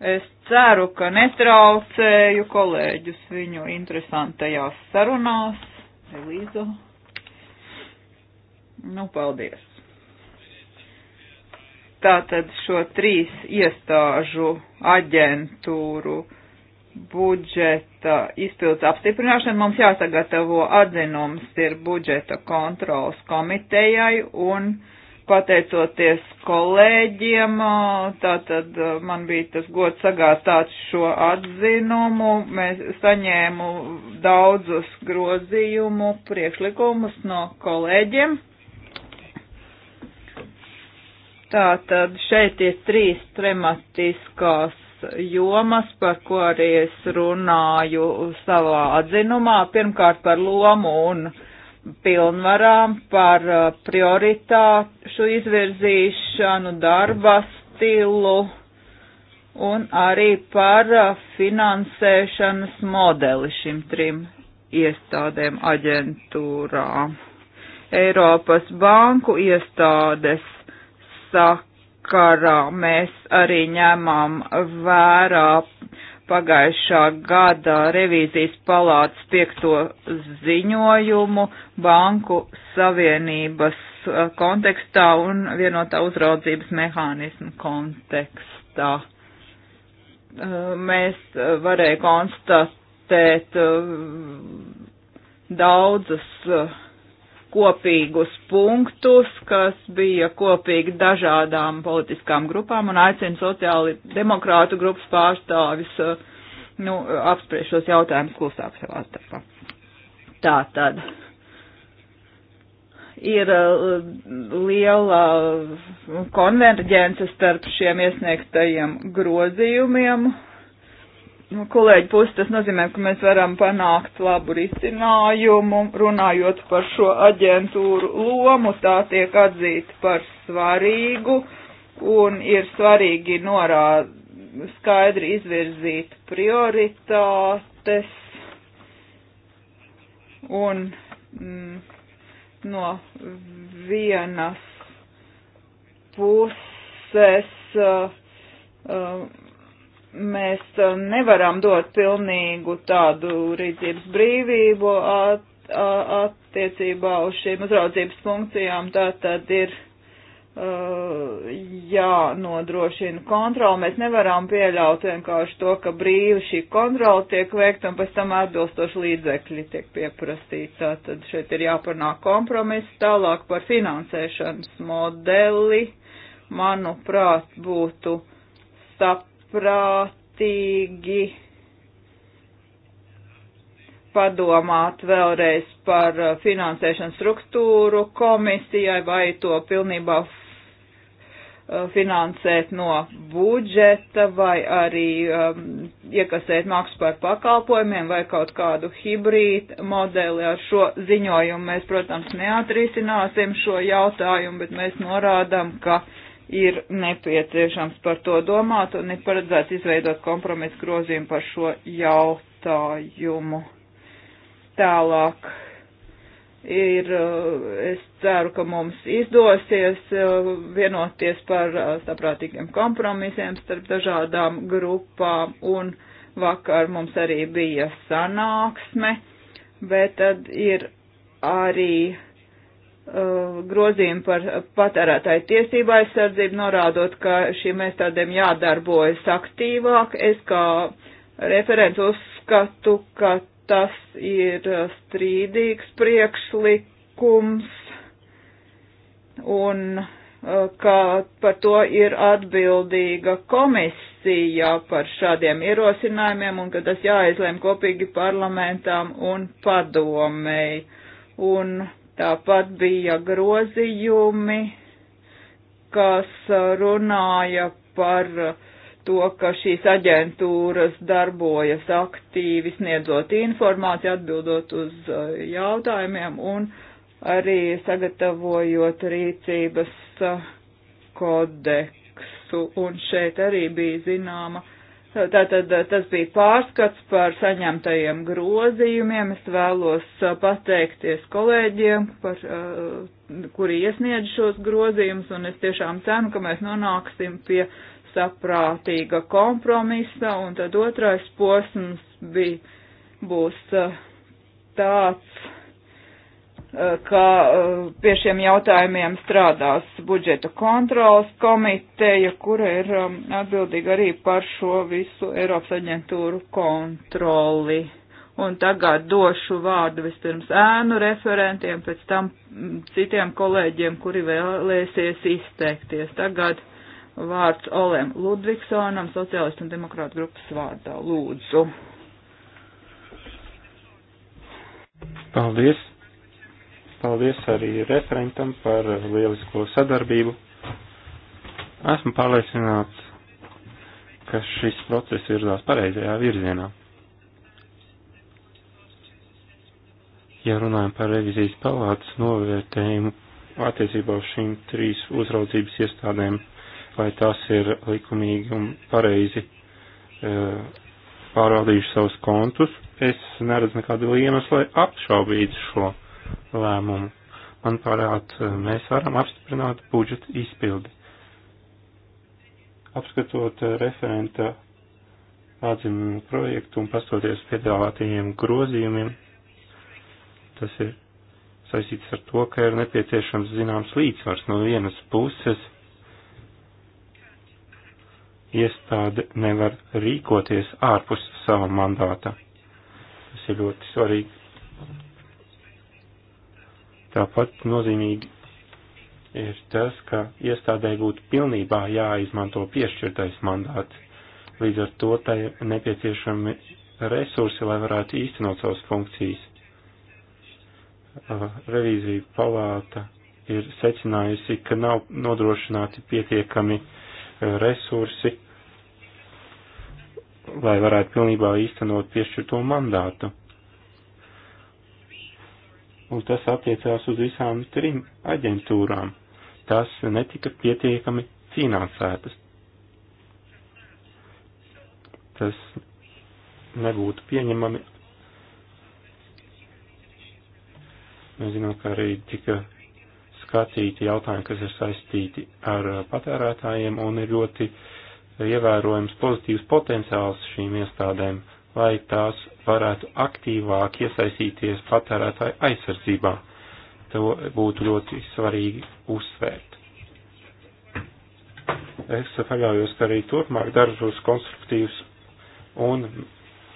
Es ceru, ka netraucēju kolēģus viņu interesantajās sarunās. Elīza. Nu, paldies. Tātad šo trīs iestāžu aģentūru budžeta izpildes apstiprināšana mums jāsagatavo atzinums ir budžeta kontrols komitejai un uh, pateicoties kolēģiem, tātad man bija tas gods sagāstāt šo atzinumu. Mēs saņēmu daudzus grozījumu priekšlikumus no kolēģiem. Tātad šeit ir trīs tematiskās jomas, par ko arī es runāju savā atzinumā. Pirmkārt par lomu un uh, pilnvarām par uh, prioritāšu izvirzīšanu, darba stilu un arī par uh, finansēšanas modeli šim trim iestādēm aģentūrām. Eiropas banku iestādes sakarā mēs arī ņemam vērā pagājušā gada revīzijas palātas piekto ziņojumu Banku Savienības uh, kontekstā un vienotā uzraudzības mehānismu kontekstā. Uh, mēs uh, varēja konstatēt daudzas kopīgus punktus, kas bija kopīgi dažādām politiskām grupām un aicinu sociāli demokrātu grupas pārstāvis eh, nu, apspriest šos jautājumus klusāk savā starpā. Tā tad ir eh, liela konverģence starp šiem iesniegtajiem grozījumiem nu, kolēģi puses tas nozīmē, ka mēs varam panākt labu risinājumu, runājot par šo aģentūru lomu, tā tiek atzīta par svarīgu un ir svarīgi norā skaidri izvirzīt prioritātes un mm, no vienas puses uh, uh, mēs eh, nevaram dot pilnīgu tādu rīcības brīvību at, attiecībā uz šīm uzraudzības funkcijām, tā tad ir uh, jānodrošina kontroli. Mēs nevaram pieļaut vienkārši to, ka brīvi šī kontrola tiek veikta un pēc tam atbilstoši līdzekļi tiek pieprastīts. Tad šeit ir jāpanāk kompromiss tālāk par finansēšanas modeli. Manuprāt, būtu sap prātīgi padomāt vēlreiz par uh, finansēšanas struktūru komisijai vai to pilnībā uh, finansēt no budžeta vai arī um, iekasēt maksu par pakalpojumiem vai kaut kādu hibrīdu modeli ar šo ziņojumu. Mēs, protams, neatrisināsim šo jautājumu, bet mēs norādām, ka uh, ir nepieciešams par to domāt un ir paredzēts izveidot kompromisu grozījumu par šo jautājumu. Tālāk ir, eh, es ceru, ka mums izdosies eh, vienoties par eh, saprātīgiem kompromisiem starp dažādām grupām un vakar mums arī bija sanāksme, bet tad ir arī Uh, grozījumu par patērētāju tiesību aizsardzību, norādot, ka šīm iestādēm jādarbojas aktīvāk. Es kā referents uzskatu, ka tas ir strīdīgs priekšlikums un uh, ka par to ir atbildīga komisija par šādiem ierosinājumiem un ka tas jāizlēm kopīgi parlamentām un padomēji. Un uh, Tāpat bija grozījumi, kas uh, runāja par uh, to, ka šīs aģentūras darbojas aktīvi sniedzot informāciju, atbildot uz uh, jautājumiem un arī sagatavojot rīcības kodeksu. Un šeit arī bija zināma Tātad eh, tas bija pārskats par saņemtajiem grozījumiem. Es vēlos eh, pateikties kolēģiem, par, eh, kuri iesniedz šos grozījumus, un es tiešām cenu, ka mēs nonāksim pie saprātīga kompromisa, un tad otrais posms bija, būs tāds Eh, ka eh, pie šiem jautājumiem strādās budžeta kontrolas komiteja, kura ir um, atbildīga arī par šo visu Eiropas aģentūru kontroli. Un tagad došu vārdu vispirms ēnu referentiem, pēc tam mm, citiem kolēģiem, kuri vēlēsies izteikties. Tagad vārds Olem Ludvigsonam, sociālistu un demokrātu grupas vārdā. Lūdzu. Paldies. Paldies arī referentam par lielisko sadarbību. Esmu pārliecināts, ka šis process virzās pareizajā virzienā. Ja runājam par revizijas palātas novērtējumu attiecībā uz šīm trīs uzraudzības iestādēm, vai tās ir likumīgi un pareizi e, pārvaldījuši savus kontus, es neredzu nekādu iemeslu, lai apšaubītu šo lēmumu. Manuprāt, mēs varam apstiprināt budžeta izpildi. Apskatot referenta atzinumu projektu un pastoties piedāvātajiem grozījumiem, tas ir saistīts ar to, ka ir nepieciešams zināms līdzsvars no vienas puses. Iestāde nevar rīkoties ārpus sava mandāta. Tas ir ļoti svarīgi Tāpat nozīmīgi ir tas, ka iestādē būtu pilnībā jāizmanto piešķirtais mandāts. Līdz ar to tai nepieciešami resursi, lai varētu īstenot savas funkcijas. Revīzija palāta ir secinājusi, ka nav nodrošināti pietiekami resursi, lai varētu pilnībā īstenot piešķirto mandātu un tas attiecās uz visām trim aģentūrām. Tas netika pietiekami finansētas. Tas nebūtu pieņemami. Mēs zinām, ka arī tika skatīti jautājumi, kas ir saistīti ar patērētājiem, un ir ļoti ievērojams pozitīvs potenciāls šīm iestādēm lai tās varētu aktīvāk iesaistīties patērētāju aizsardzībā. To būtu ļoti svarīgi uzsvērt. Es paļaujos, ka arī turpmāk darbos konstruktīvs un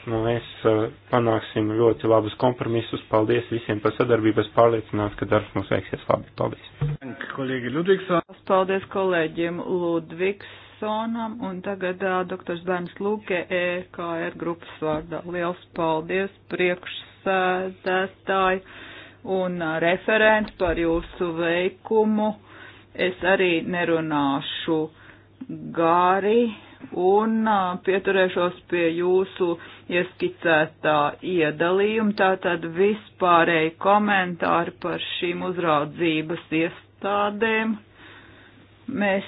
nu, mēs uh, panāksim ļoti labus kompromisus. Paldies visiem par sadarbību. Es pārliecināts, ka darbs mums veiksies labi. Paldies. Paldies kolēģiem Ludvigs. Nikolsonam un tagad uh, doktors Bērns Lūke EKR grupas vārdā. Liels paldies priekšsēdētāji un uh, referenti par jūsu veikumu. Es arī nerunāšu gāri un uh, pieturēšos pie jūsu ieskicētā iedalījuma, tātad vispārēji komentāri par šīm uzraudzības iestādēm. Mēs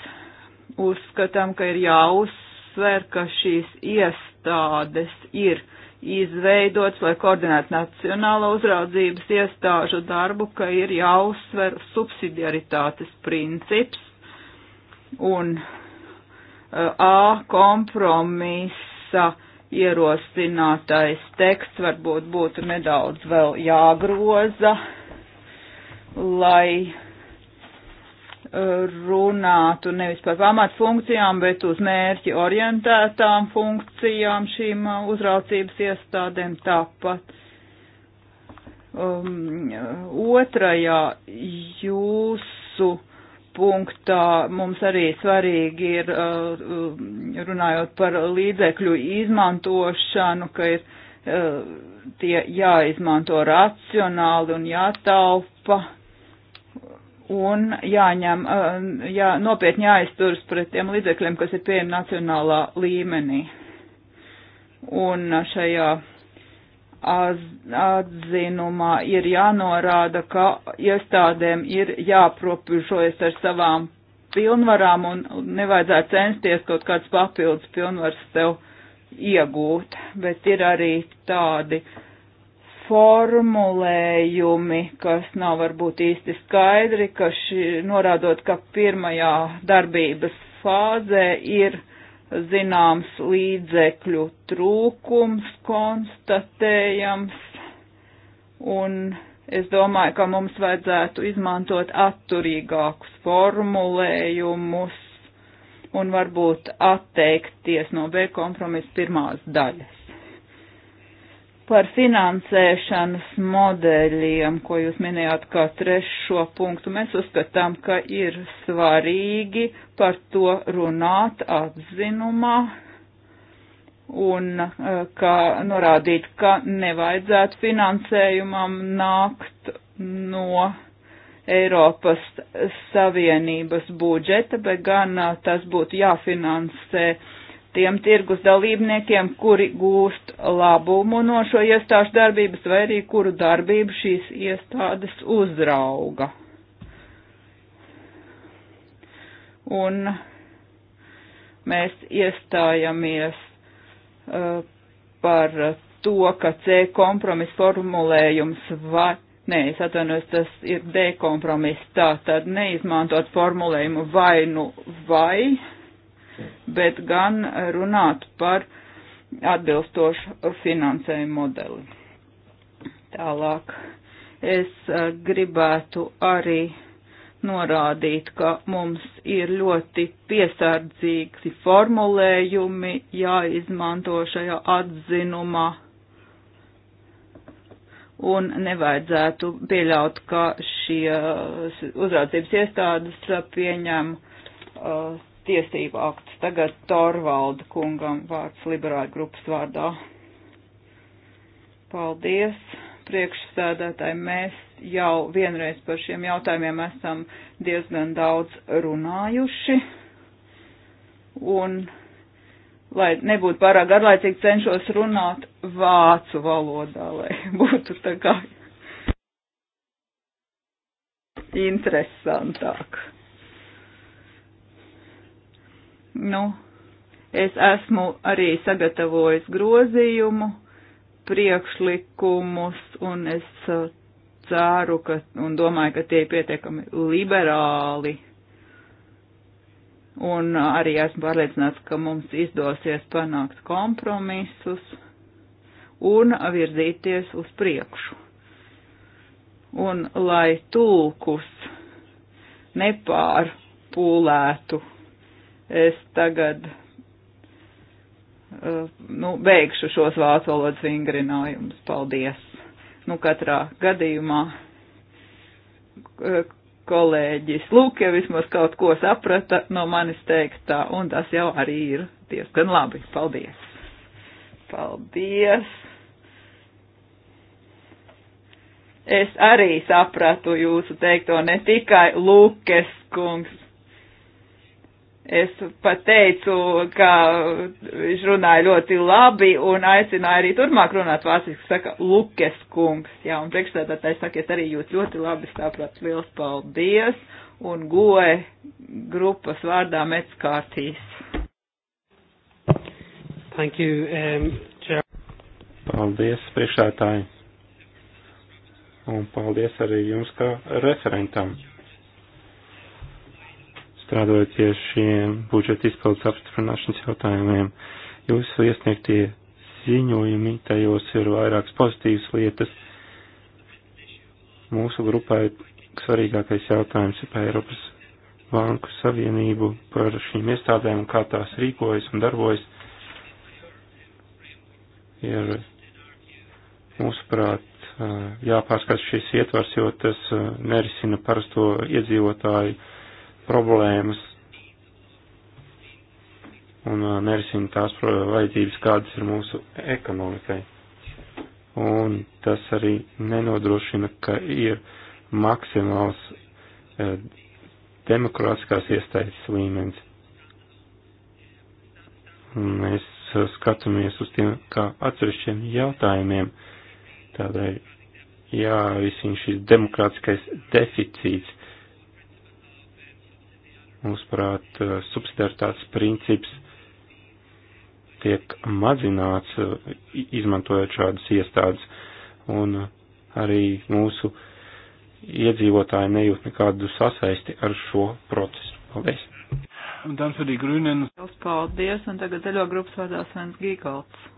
uzskatām, ka ir jāuzsver, ka šīs iestādes ir izveidots, lai koordinētu nacionālo uzraudzības iestāžu darbu, ka ir jāuzsver subsidiaritātes princips un A kompromisa ierosinātais teksts varbūt būtu nedaudz vēl jāgroza, lai runātu nevis par pamatfunkcijām, bet uz mērķi orientētām funkcijām šīm uh, uzraucības iestādēm tāpat. Um, otrajā jūsu punktā mums arī svarīgi ir, uh, runājot par līdzekļu izmantošanu, ka ir uh, tie jāizmanto racionāli un jātaupa. Uh, un jāņem, eh, jā, nopietni jāizturas pret tiem līdzekļiem, kas ir pieejami nacionālā līmenī. Un šajā atzinumā ir jānorāda, ka iestādēm ir jāpropižojas ar savām pilnvarām un nevajadzētu censties kaut kāds papildus pilnvars tev iegūt, bet ir arī tādi uh, formulējumi, kas nav varbūt īsti skaidri, ka šī norādot, ka pirmajā darbības fāzē ir zināms līdzekļu trūkums konstatējams, un es domāju, ka mums vajadzētu izmantot atturīgākus formulējumus un varbūt atteikties no B kompromisa pirmās daļas. Par finansēšanas modeļiem, ko jūs minējāt kā trešo punktu, mēs uzskatām, ka ir svarīgi par to runāt atzinumā un eh, ka norādīt, ka nevajadzētu finansējumam nākt no Eiropas Savienības budžeta, bet gan eh, tas būtu jāfinansē tiem tirgus dalībniekiem, kuri gūst labumu no šo iestāžu darbības vai arī kuru darbību šīs iestādes uzrauga. Un mēs iestājamies uh, par to, ka C kompromis formulējums vai, nē, es atvainojos, tas ir D kompromis, tā tad neizmantot formulējumu vai nu vai bet gan runāt par atbilstošu finansējumu modeli. Tālāk es eh, gribētu arī norādīt, ka mums ir ļoti piesardzīgi formulējumi jāizmanto šajā atzinumā un nevajadzētu pieļaut, ka šie uzraudzības iestādes pieņem uh, tiesību aktu vārds tagad Torvalda kungam, vārds liberāļu grupas vārdā. Paldies, priekšsēdētāji, mēs jau vienreiz par šiem jautājumiem esam diezgan daudz runājuši. Un, lai nebūtu pārāk garlaicīgi, cenšos runāt vācu valodā, lai būtu tā kā interesantāk. Nu, es esmu arī sagatavojis grozījumu, priekšlikumus, un es uh, ceru, ka, un domāju, ka tie ir pietiekami liberāli. Un uh, arī esmu pārliecināts, ka mums izdosies panākt kompromisus un virzīties uz priekšu. Un lai tulkus nepārpūlētu es tagad eh, nu, beigšu šos vācu valodas vingrinājumus. Paldies! Nu, katrā gadījumā eh, kolēģis Lūke vismaz kaut ko saprata no manis teiktā, un tas jau arī ir diezgan labi. Paldies! Paldies! Es arī sapratu jūsu teikto ne tikai Lūkes kungs. Es pateicu, ka viņš runāja ļoti labi un aicināja arī turpmāk runāt vāciski, saka Lukes kungs. Jā, un priekšstādātājs saka, es arī jūs ļoti labi sapratu. Liels paldies! Un goe grupas vārdā mets kārtīs. Thank you, um, Chair. Paldies, priekšstādātāji. Un paldies arī jums kā referentam strādājot pie šiem budžeta izpildes apstiprināšanas jautājumiem. Jūsu iesniegtie ziņojumi, tajos ir vairākas pozitīvas lietas. Mūsu grupai svarīgākais jautājums ir par Eiropas Banku Savienību, par šīm iestādēm, kā tās rīkojas un darbojas. Ir mūsuprāt jāpārskata šis ietvars, jo tas nerisina parasto iedzīvotāju problēmas un uh, nerisina tās vajadzības, kādas ir mūsu ekonomikai. Un tas arī nenodrošina, ka ir maksimāls eh, demokrātiskās iestājas līmenis. Mēs uh, skatāmies uz tiem kā atsevišķiem jautājumiem, tādēļ jārisina šis demokrātiskais deficīts, Mūsuprāt, eh, subsidiaritātes princips tiek mazināts, eh, izmantojot šādas iestādes, un eh, arī mūsu iedzīvotāji nejūt nekādu sasaisti ar šo procesu. Paldies! Un tam arī grūnien. Paldies, un tagad zaļo grupas vārdā Svens Gīgalds.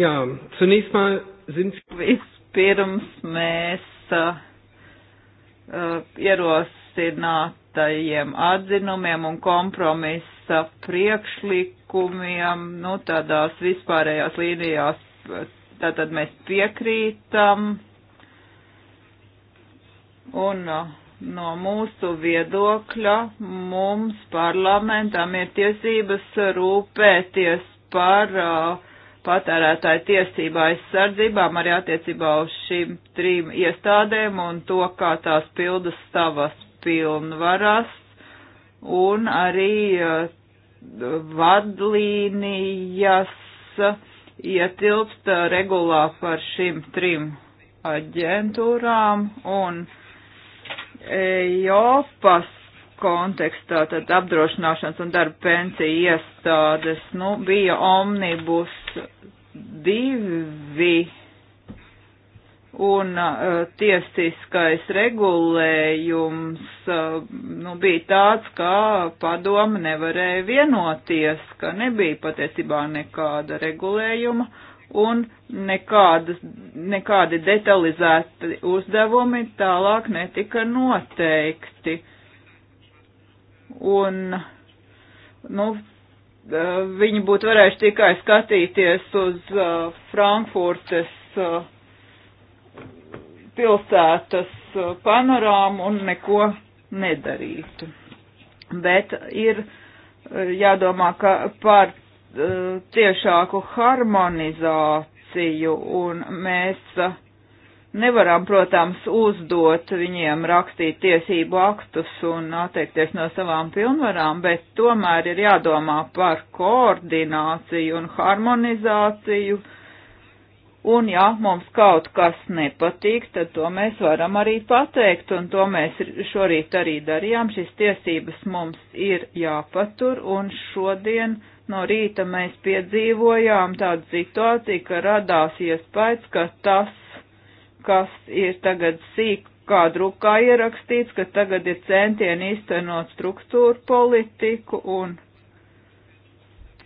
Jā, zunīst mal sind. Vispirms mēs uh, uh, ierosinātajiem atzinumiem un kompromisa priekšlikumiem, nu tādās vispārējās līnijās, tātad mēs piekrītam. Un uh, no mūsu viedokļa mums parlamentam ir tiesības rūpēties par uh, patērētāju tiesībā aizsardzībām arī attiecībā uz šīm trim iestādēm un to, kā tās pilda savas pilnvaras un arī eh, vadlīnijas ietilpst eh, regulā par šīm trim aģentūrām un Jopas kontekstā, tad apdrošināšanas un darba pensija iestādes, nu, bija omnibus divi un uh, tiesiskais regulējums uh, nu, bija tāds, ka padoma nevarēja vienoties, ka nebija patiesībā nekāda regulējuma un nekādas, nekādi detalizēti uzdevumi tālāk netika noteikti. Un, nu, Eh, viņi būtu varējuši tikai skatīties uz uh, Frankfurtes uh, pilsētas uh, panorāmu un neko nedarītu. Bet ir jādomā ka par tiešāku harmonizāciju un mēs uh, Nevaram, protams, uzdot viņiem rakstīt tiesību aktus un atteikties no savām pilnvarām, bet tomēr ir jādomā par koordināciju un harmonizāciju. Un ja mums kaut kas nepatīk, tad to mēs varam arī pateikt, un to mēs šorīt arī darījām. Šis tiesības mums ir jāpatur, un šodien no rīta mēs piedzīvojām tādu situāciju, ka radās iespējas, ka tas kas ir tagad sīk kā drukā ierakstīts, ka tagad ir centieni īstenot struktūru politiku un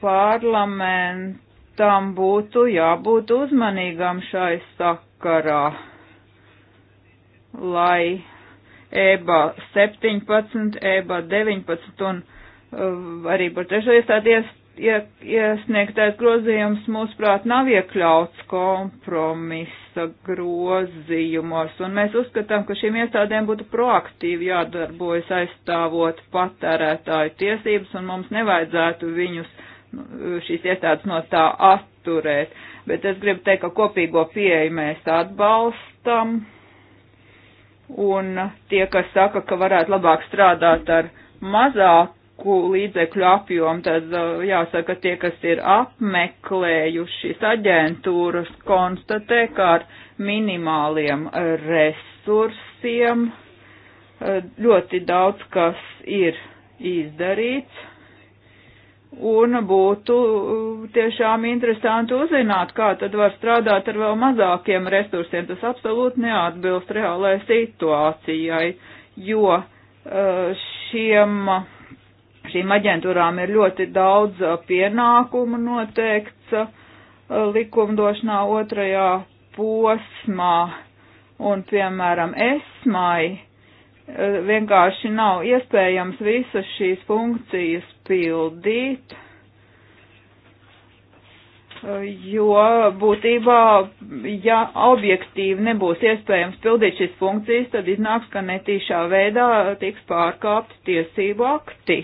parlamentam būtu jābūt uzmanīgam šai sakarā, lai EBA 17, EBA 19 un uh, arī par trešo iestāties iesniegtais grozījums, mūsuprāt, nav iekļauts kompromisa grozījumos, un mēs uzskatām, ka šīm iestādēm būtu proaktīvi jādarbojas aizstāvot patērētāju tiesības, un mums nevajadzētu viņus šīs iestādes no tā atturēt. Bet es gribu teikt, ka kopīgo pieeju mēs atbalstam, un tie, kas saka, ka varētu labāk strādāt ar mazāk līdzekļu apjomu, tad uh, jāsaka, tie, kas ir apmeklējušas aģentūras, konstatē, ka ar minimāliem resursiem uh, ļoti daudz kas ir izdarīts. Un būtu uh, tiešām interesanti uzzināt, kā tad var strādāt ar vēl mazākiem resursiem. Tas absolūti neatbilst reālajai situācijai, jo šiem uh, Šīm aģentūrām ir ļoti daudz pienākumu noteikts likumdošanā otrajā posmā, un, piemēram, esmai vienkārši nav iespējams visas šīs funkcijas pildīt, jo būtībā, ja objektīvi nebūs iespējams pildīt šīs funkcijas, tad iznāks, ka netīšā veidā tiks pārkāpti tiesību akti.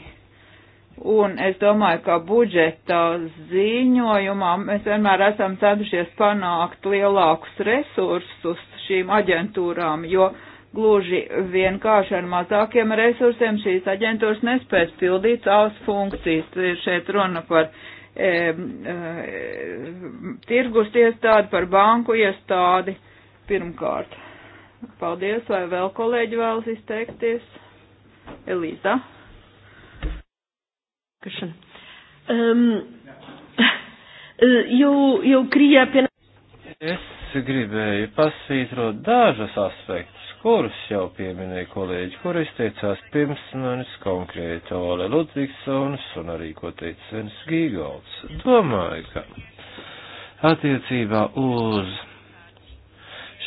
Un es domāju, ka budžeta ziņojumā mēs vienmēr esam centušies panākt lielākus resursus šīm aģentūrām, jo gluži vienkārši ar mazākiem resursiem šīs aģentūras nespēs pildīt savas funkcijas. Ir šeit runa par e, e, tirgus iestādi, par banku iestādi pirmkārt. Paldies, vai vēl kolēģi vēlas izteikties? Elīza. Krišana. Um, eu, eu queria apenas. Es gribēju pasvītrot dažus aspektus, kurus jau pieminēja kolēģi, kur izteicās pirms manis konkrēti Ole Ludvigsons un arī, ko teica Svens Gīgolds. Domāju, ka attiecībā uz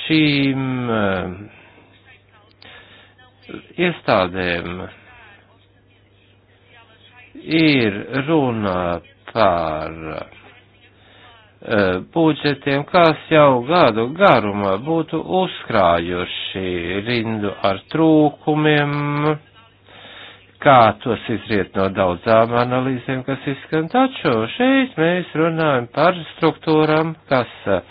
šīm iestādēm ir runa par eh, budžetiem, kas jau gadu garumā būtu uzkrājuši rindu ar trūkumiem, kā tos izriet no daudzām analīzēm, kas izskan. Taču šeit mēs runājam par struktūram, kas eh,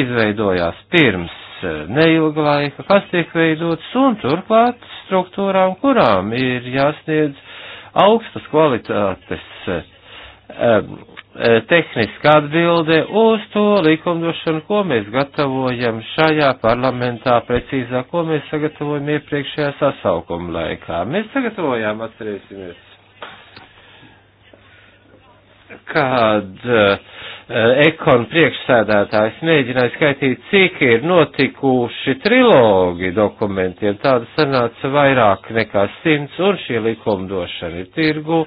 izveidojās pirms eh, neilga laika, kas tiek veidots, un turklāt struktūrām, kurām ir jāsniedz augstas kvalitātes um, tehniska atbilde uz to likumdošanu, ko mēs gatavojam šajā parlamentā, precīzāk, ko mēs sagatavojam iepriekšējā sasaukuma laikā. Mēs sagatavojām, atcerēsimies, kad uh, Eh, ekonu priekšsēdētājs mēģināja skaitīt, cik ir notikuši trilogi dokumentiem. Tāda sanāca vairāk nekā simts, un šī likumdošana ir tirgu,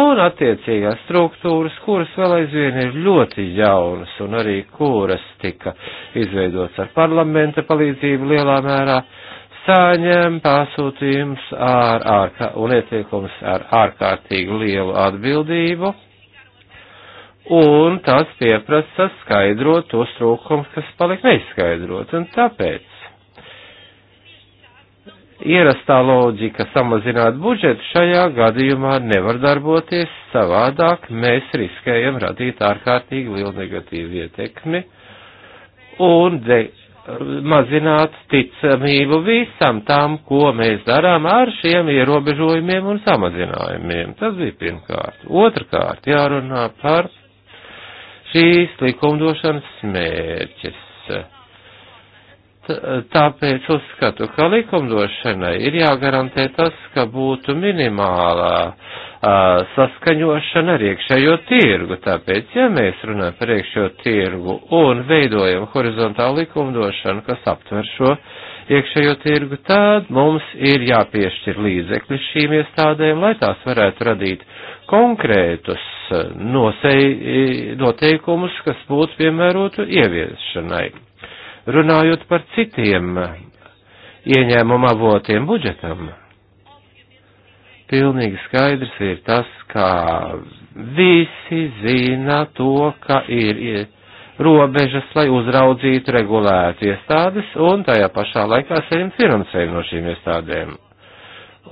un attiecīgās struktūras, kuras vēl aizvien ir ļoti jaunas, un arī kuras tika izveidots ar parlamenta palīdzību lielā mērā, saņem pasūtījums ar ārkār, un ieteikums ar ārkārtīgi lielu atbildību un tas pieprasa skaidrot tos trūkums, kas palika neizskaidrots. Un tāpēc ierastā loģika samazināt budžetu šajā gadījumā nevar darboties, savādāk mēs riskējam radīt ārkārtīgi lielu negatīvu ietekmi un de mazināt ticamību visam tam, ko mēs darām ar šiem ierobežojumiem un samazinājumiem. Tas bija pirmkārt. Otrkārt, jārunā par šīs likumdošanas mērķis. Tāpēc uzskatu, ka likumdošanai ir jāgarantē tas, ka būtu minimālā uh, saskaņošana ar iekšējo tirgu. Tāpēc, ja mēs runājam par iekšējo tirgu un veidojam horizontālu likumdošanu, kas aptver šo iekšējo tirgu, tad mums ir jāpiešķir līdzekļi šīm iestādēm, lai tās varētu radīt konkrētus nosei, eh, noteikumus, kas būtu piemērotu ieviešanai. Runājot par citiem ieņēmuma avotiem budžetam, pilnīgi skaidrs ir tas, ka visi zina to, ka ir robežas, lai uzraudzītu regulētu iestādes un tajā pašā laikā saņemt finansējumu no šīm iestādēm.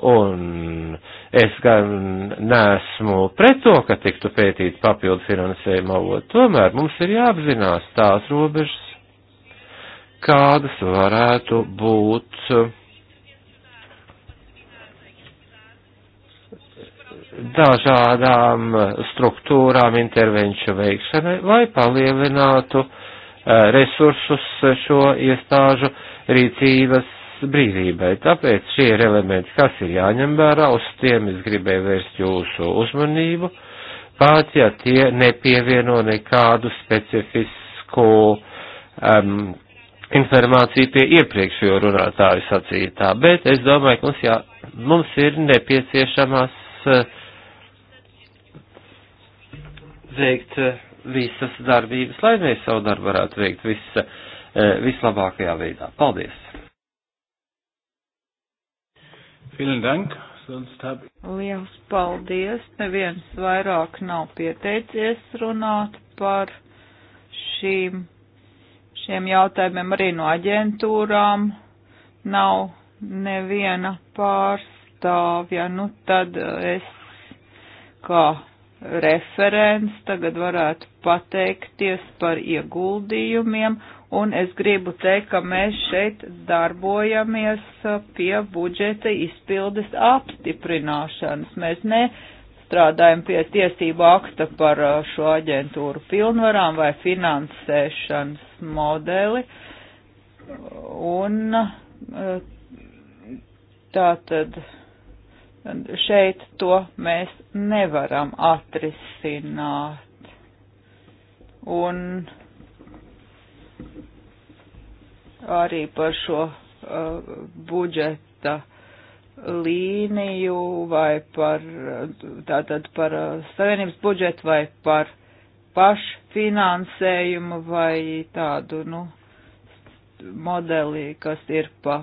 Un es gan nesmu pret to, ka tiktu pētīt papildu finansējuma avotu, tomēr mums ir jāapzinās tās robežas, kādas varētu būt dažādām struktūrām intervenciju veikšanai, lai palielinātu eh, resursus šo iestāžu rīcības brīvībai. Tāpēc šie ir elementi, kas ir jāņem vērā, uz tiem es gribēju vērst jūsu uzmanību, pat ja tie nepievieno nekādu specifisku um, informāciju pie iepriekšējo runātāju sacītā, bet es domāju, ka mums, jā, mums ir nepieciešamās uh, veikt uh, visas darbības, lai mēs savu darbu varētu veikt visa, uh, vislabākajā veidā. Paldies! Vielen Dank. Liels paldies. Neviens vairāk nav pieteicies runāt par šīm, šiem jautājumiem arī no aģentūrām. Nav neviena pārstāvja. Nu tad eh, es kā referents tagad varētu pateikties par ieguldījumiem un es gribu teikt, ka mēs šeit darbojamies uh, pie budžeta izpildes apstiprināšanas. Mēs ne strādājam pie tiesību akta par uh, šo aģentūru pilnvarām vai finansēšanas modeli. Un uh, tātad šeit to mēs nevaram atrisināt. Un arī par šo uh, budžeta līniju vai par, uh, tātad par uh, savienības budžetu vai par pašfinansējumu vai tādu, nu, modeli, kas ir pa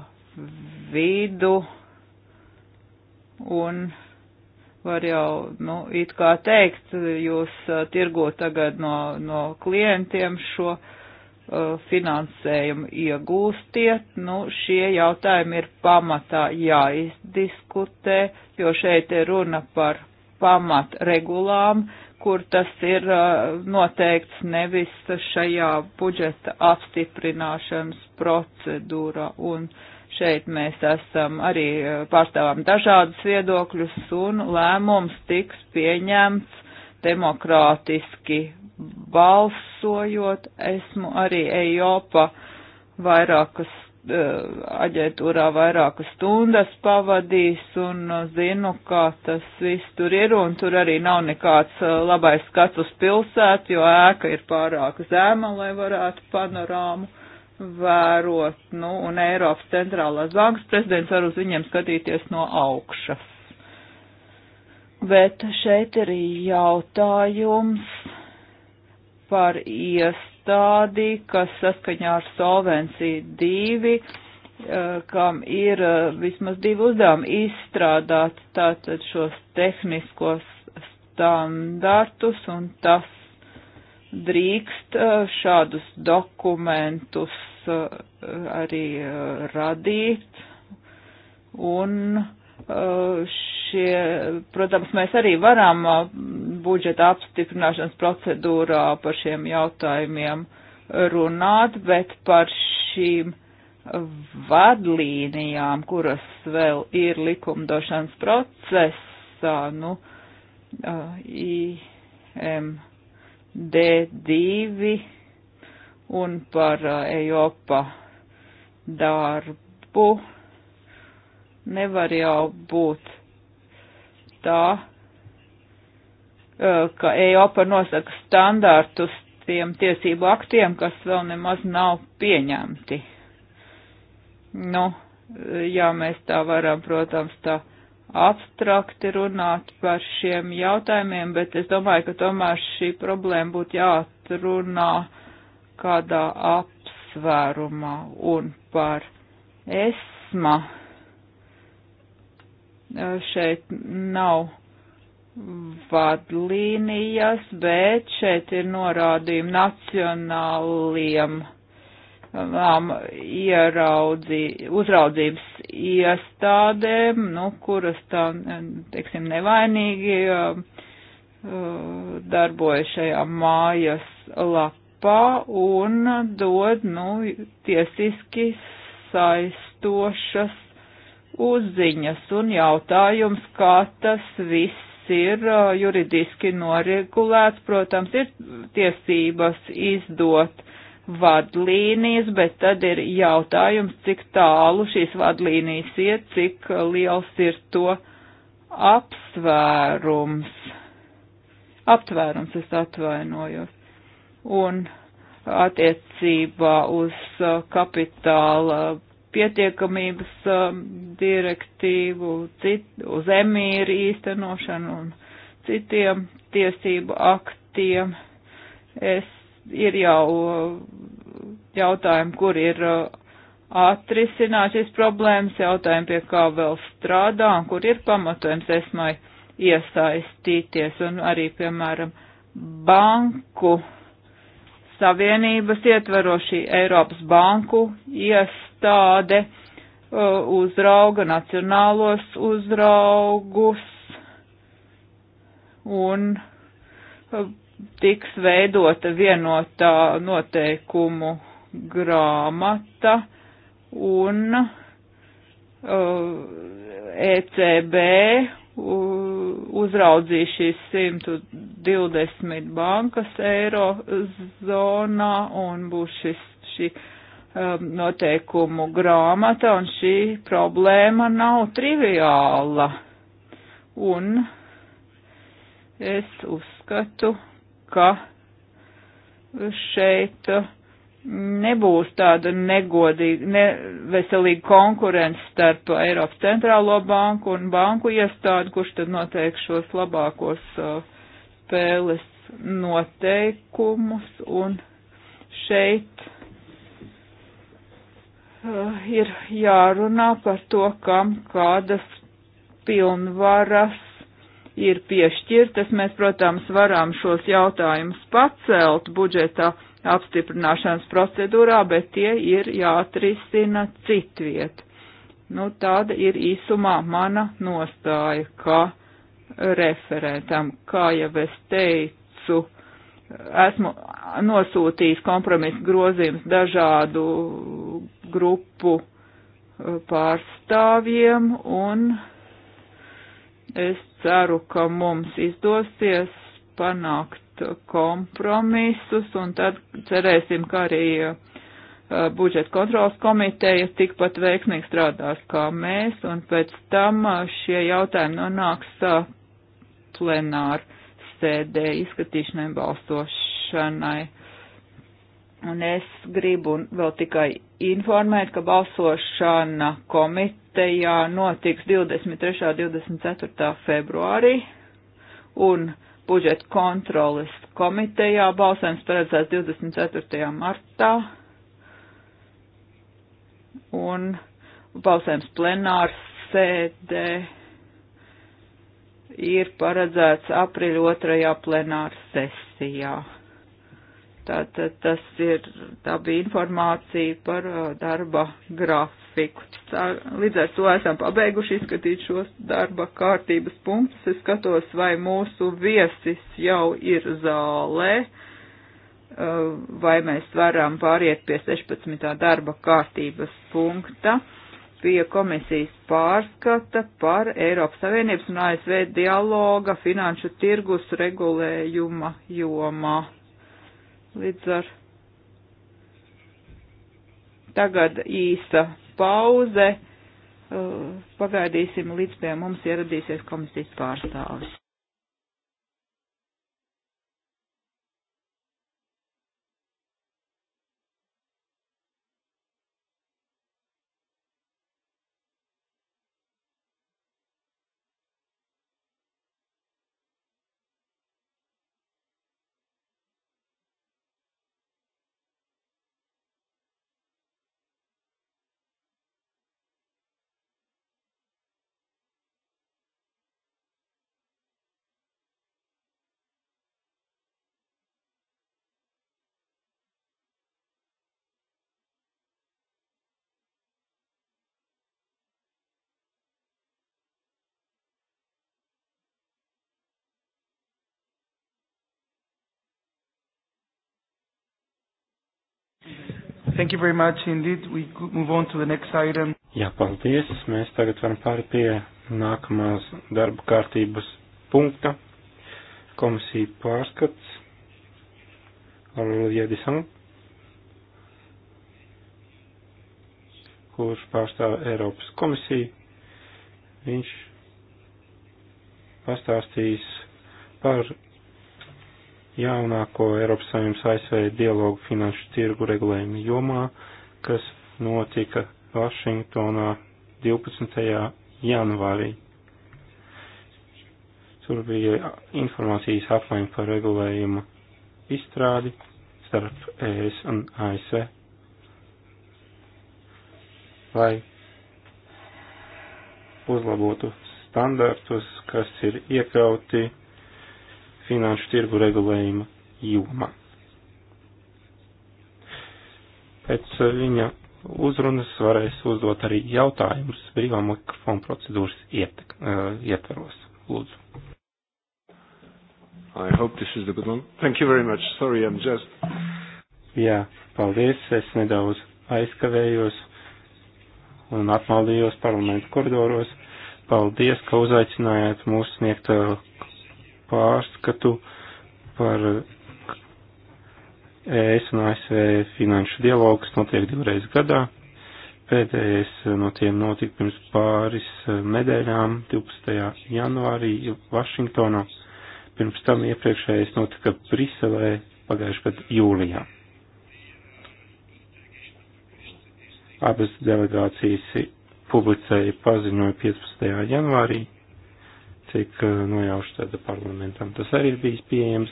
vidu un var jau, nu, it kā teikt, jūs uh, tirgo tagad no, no klientiem šo uh, Eh, finansējumu iegūstiet, nu, šie jautājumi ir pamatā jāizdiskutē, jo šeit ir runa par pamatregulām, kur tas ir eh, noteikts nevis šajā budžeta apstiprināšanas procedūrā. Un šeit mēs esam arī eh, pārstāvām dažādus viedokļus un lēmums tiks pieņemts demokrātiski balsojot. Esmu arī Eiropa vairākas eh, aģentūrā vairākas stundas pavadīs un eh, zinu, kā tas viss tur ir, un tur arī nav nekāds eh, labais skats uz pilsētu, jo ēka ir pārāk zema, lai varētu panorāmu vērot, nu, un Eiropas centrālās bankas prezidents var uz viņiem skatīties no augšas. Bet šeit ir jautājums par iestādi, kas saskaņā ar solvenciju divi, eh, kam ir eh, vismaz divi uzdevumi izstrādāt tātad šos tehniskos standartus un tas drīkst eh, šādus dokumentus arī radīt un Uh, šie, protams, mēs arī varam uh, budžeta apstiprināšanas procedūrā par šiem jautājumiem runāt, bet par šīm vadlīnijām, kuras vēl ir likumdošanas procesā, nu, uh, IMD2 un par Eiropa darbu Nevar jau būt tā, ka EIOPA nosaka standārtus tiem tiesību aktiem, kas vēl nemaz nav pieņemti. Nu, jā, mēs tā varam, protams, tā abstrakti runāt par šiem jautājumiem, bet es domāju, ka tomēr šī problēma būtu jāatrunā kādā apsvērumā un par esma šeit nav vadlīnijas, bet šeit ir norādījumi nacionāliem um, ieraudzī, uzraudzības iestādēm, nu, kuras tā, teiksim, nevainīgi um, uh, darbojas šajā mājas lapā un dod, nu, tiesiski saistošas uzziņas un jautājums, kā tas viss ir juridiski noregulēts. Protams, ir tiesības izdot vadlīnijas, bet tad ir jautājums, cik tālu šīs vadlīnijas iet, cik liels ir to apsvērums. Aptvērums es atvainojos. Un attiecībā uz kapitāla pietiekamības um, direktīvu, cit, uz emīru īstenošanu un citiem tiesību aktiem. Es ir jau uh, jautājumi, kur ir uh, atrisināt šīs problēmas, jautājumi, pie kā vēl strādā un kur ir pamatojums esmai iesaistīties un arī, piemēram, banku Savienības ietvarošī Eiropas banku iestāde uh, uzrauga nacionālos uzraugus un uh, tiks veidota vienotā noteikumu grāmata un uh, ECB uh, uzraudzīja šīs 120 bankas eiro zonā un būs šis, šī um, noteikumu grāmata un šī problēma nav triviāla. Un es uzskatu, ka šeit uh, nebūs tāda negodīga, neveselīga konkurence starp Eiropas centrālo banku un banku iestādi, kurš tad noteikti šos labākos uh, spēles noteikumus un šeit uh, ir jārunā par to, kam kādas pilnvaras ir piešķirtas. Mēs, protams, varam šos jautājumus pacelt budžetā apstiprināšanas procedūrā, bet tie ir jāatrisina citviet. Nu, tāda ir īsumā mana nostāja, kā referentam. Kā jau es teicu, esmu nosūtījis kompromisu grozījums dažādu grupu eh, pārstāvjiem un es ceru, ka mums izdosies panākt panākt kompromisus, un tad cerēsim, ka arī uh, budžeta kontrolas komiteja tikpat veiksmīgi strādās kā mēs, un pēc tam uh, šie jautājumi nonāks uh, plenāru sēdē izskatīšanai balsošanai. Un es gribu vēl tikai informēt, ka balsošana komitejā notiks 23. un 24. februārī, un budžeta kontrolas komitejā. Balsojums paredzēts 24. martā. Un balsojums plenārs sēdē ir paredzēts aprīļa otrajā plenāra sesijā. Tātad tas ir, tā bija informācija par uh, darba grafiku grafiku. Tā, līdz ar to esam pabeiguši izskatīt šos darba kārtības punktus. Es skatos, vai mūsu viesis jau ir zālē, uh, vai mēs varam pāriet pie 16. darba kārtības punkta pie komisijas pārskata par Eiropas Savienības un ASV dialoga finanšu tirgus regulējuma jomā. Līdz ar Tagad īsa pauze. Uh, pagaidīsim, līdz pie mums ieradīsies komisijas pārstāvis. Thank you very much indeed. We could move on to the next item. Jā, paldies. Mēs tagad varam pāri pie nākamās darba kārtības punkta. Komisija pārskats. Olivier Disant, kurš pārstāv Eiropas komisiju. Viņš pastāstīs par jaunāko Eiropas Savienības ASV dialogu finanšu tirgu regulējumu jomā, kas notika Vašingtonā 12. janvārī. Tur bija informācijas apmaiņa par regulējumu izstrādi starp ES un ASV. Lai uzlabotu standartus, kas ir iekļauti finanšu tirgu regulējuma jomā. Pēc uh, viņa uzrunas varēs uzdot arī jautājumus brīvā mikrofona procedūras ietek, uh, ietveros. Lūdzu. I hope this is the good one. Thank you very much. Sorry, I'm just. Jā, paldies. Es nedaudz aizkavējos un apmaldījos parlamentu koridoros. Paldies, ka uzaicinājāt mūs sniegt uh, pārskatu par ES un ASV finanšu dialogu, kas notiek divreiz gadā. Pēdējais no tiem notika pirms pāris e, nedēļām, 12. janvārī Vašingtonā. Pirms tam iepriekšējais notika Briselē pagājušajā gadu jūlijā. Abas delegācijas publicēja paziņoja 15. janvārī cik eh, nojauši tad parlamentam tas arī ir bijis pieejams.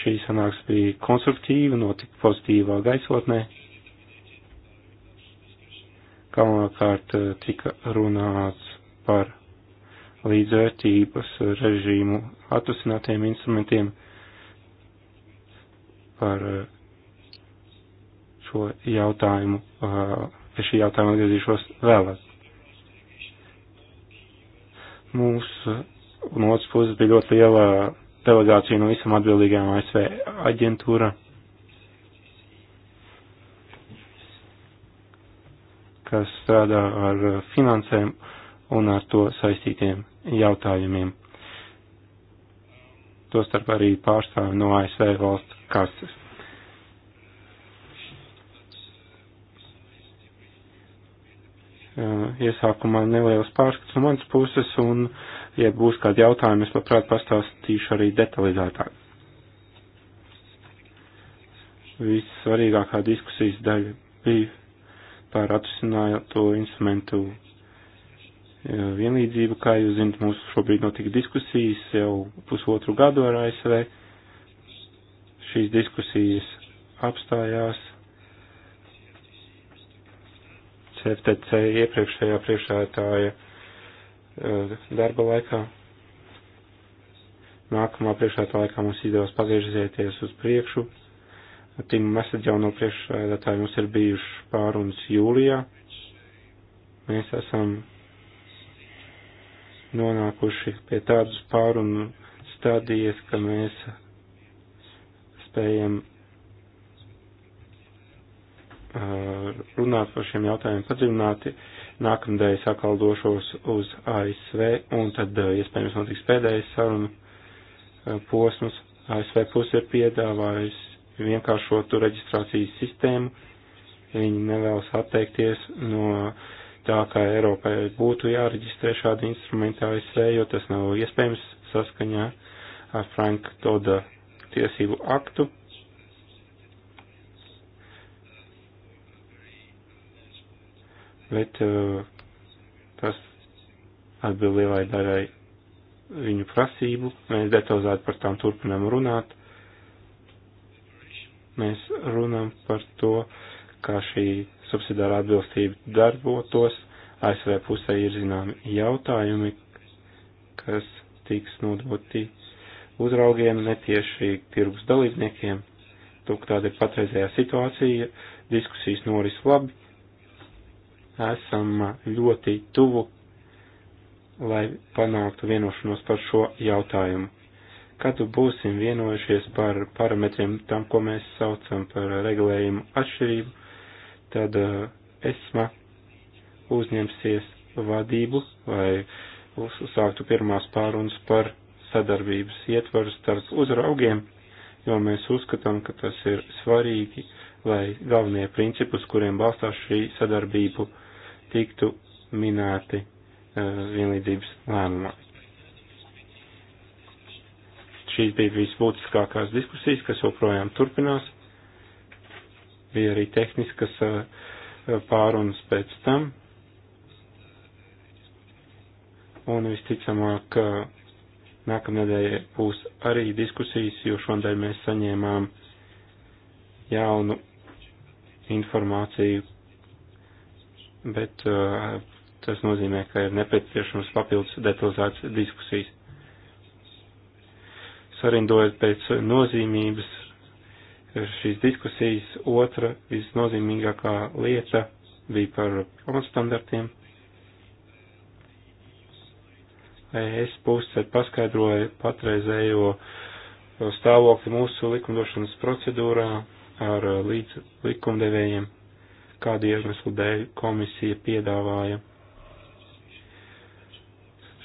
Šī sanāks bija konstruktīva, notika pozitīvā gaisotnē. Galvenokārt eh, tika runāts par līdzvērtības režīmu atrasinātiem instrumentiem, par eh, šo jautājumu, pie šī jautājuma atgriezīšos vēlāk. Mūsu no otras puses bija ļoti liela delegācija no visam atbildīgām ASV aģentūra, kas strādā ar finansēm un ar to saistītiem jautājumiem. Tostarp arī pārstāvi no ASV valsts kases. Eh, iesākumā neliels pārskats no manas puses, un, ja būs kādi jautājumi, es labprāt pastāstīšu arī detalizētāk. Vissvarīgākā diskusijas daļa bija par atrisināto instrumentu eh, vienlīdzību, kā jūs zinat, mūsu šobrīd notika diskusijas jau pusotru gadu ar ASV. Šīs diskusijas apstājās CFTC iepriekšējā priekšētāja eh, darba laikā. Nākamā priekšētā laikā mums izdevās pagriezieties uz priekšu. Tim Mesedžau no priekšētāja mums ir bijuši pārunas jūlijā. Mēs esam nonākuši pie tādas pārunu stadijas, ka mēs spējam Eh, runās par šiem jautājumiem padziļināti. Nākamdēļ sakal došos uz ASV, un tad eh, iespējams notiks pēdējais saruna eh, posms. ASV puse ir piedāvājusi vienkāršotu reģistrācijas sistēmu. Viņi nevēlas atteikties no tā, kā Eiropai būtu jāreģistrē šādi instrumenti ASV, jo tas nav iespējams saskaņā ar Franka Toda tiesību aktu bet uh, tas atbild lielai daļai viņu prasību. Mēs detalizēti par tām turpinām runāt. Mēs runām par to, kā šī subsidārā atbilstība darbotos. ASV pusē ir zināmi jautājumi, kas tiks nodoti uzraugiem, netieši tirgus dalībniekiem. Tūk tāda ir patreizējā situācija, diskusijas noris labi, esam ļoti tuvu, lai panāktu vienošanos par šo jautājumu. Kad būsim vienojušies par parametriem tam, ko mēs saucam par regulējumu atšķirību, tad uh, ESMA uzņemsies vadību, lai uzsāktu pirmās pārunas par sadarbības ietvaru starp uzraugiem, jo mēs uzskatām, ka tas ir svarīgi, lai galvenie principi, uz kuriem balstās šī sadarbība, tiktu minēti eh, vienlīdzības lēmumā. Šīs bija visbūtiskākās diskusijas, kas joprojām turpinās. Bija arī tehniskas eh, pārunas pēc tam. Un visticamāk, eh, nākamnedēļ būs arī diskusijas, jo šodien mēs saņēmām jaunu informāciju bet uh, tas nozīmē, ka ir nepieciešams papildus detalizēts diskusijas. Sarindojot pēc nozīmības šīs diskusijas, otra visnozīmīgākā lieta bija par pamatstandartiem. Es pusē paskaidroju patreizējo stāvokli mūsu likumdošanas procedūrā ar līdz likumdevējiem kādu iemeslu dēļ komisija piedāvāja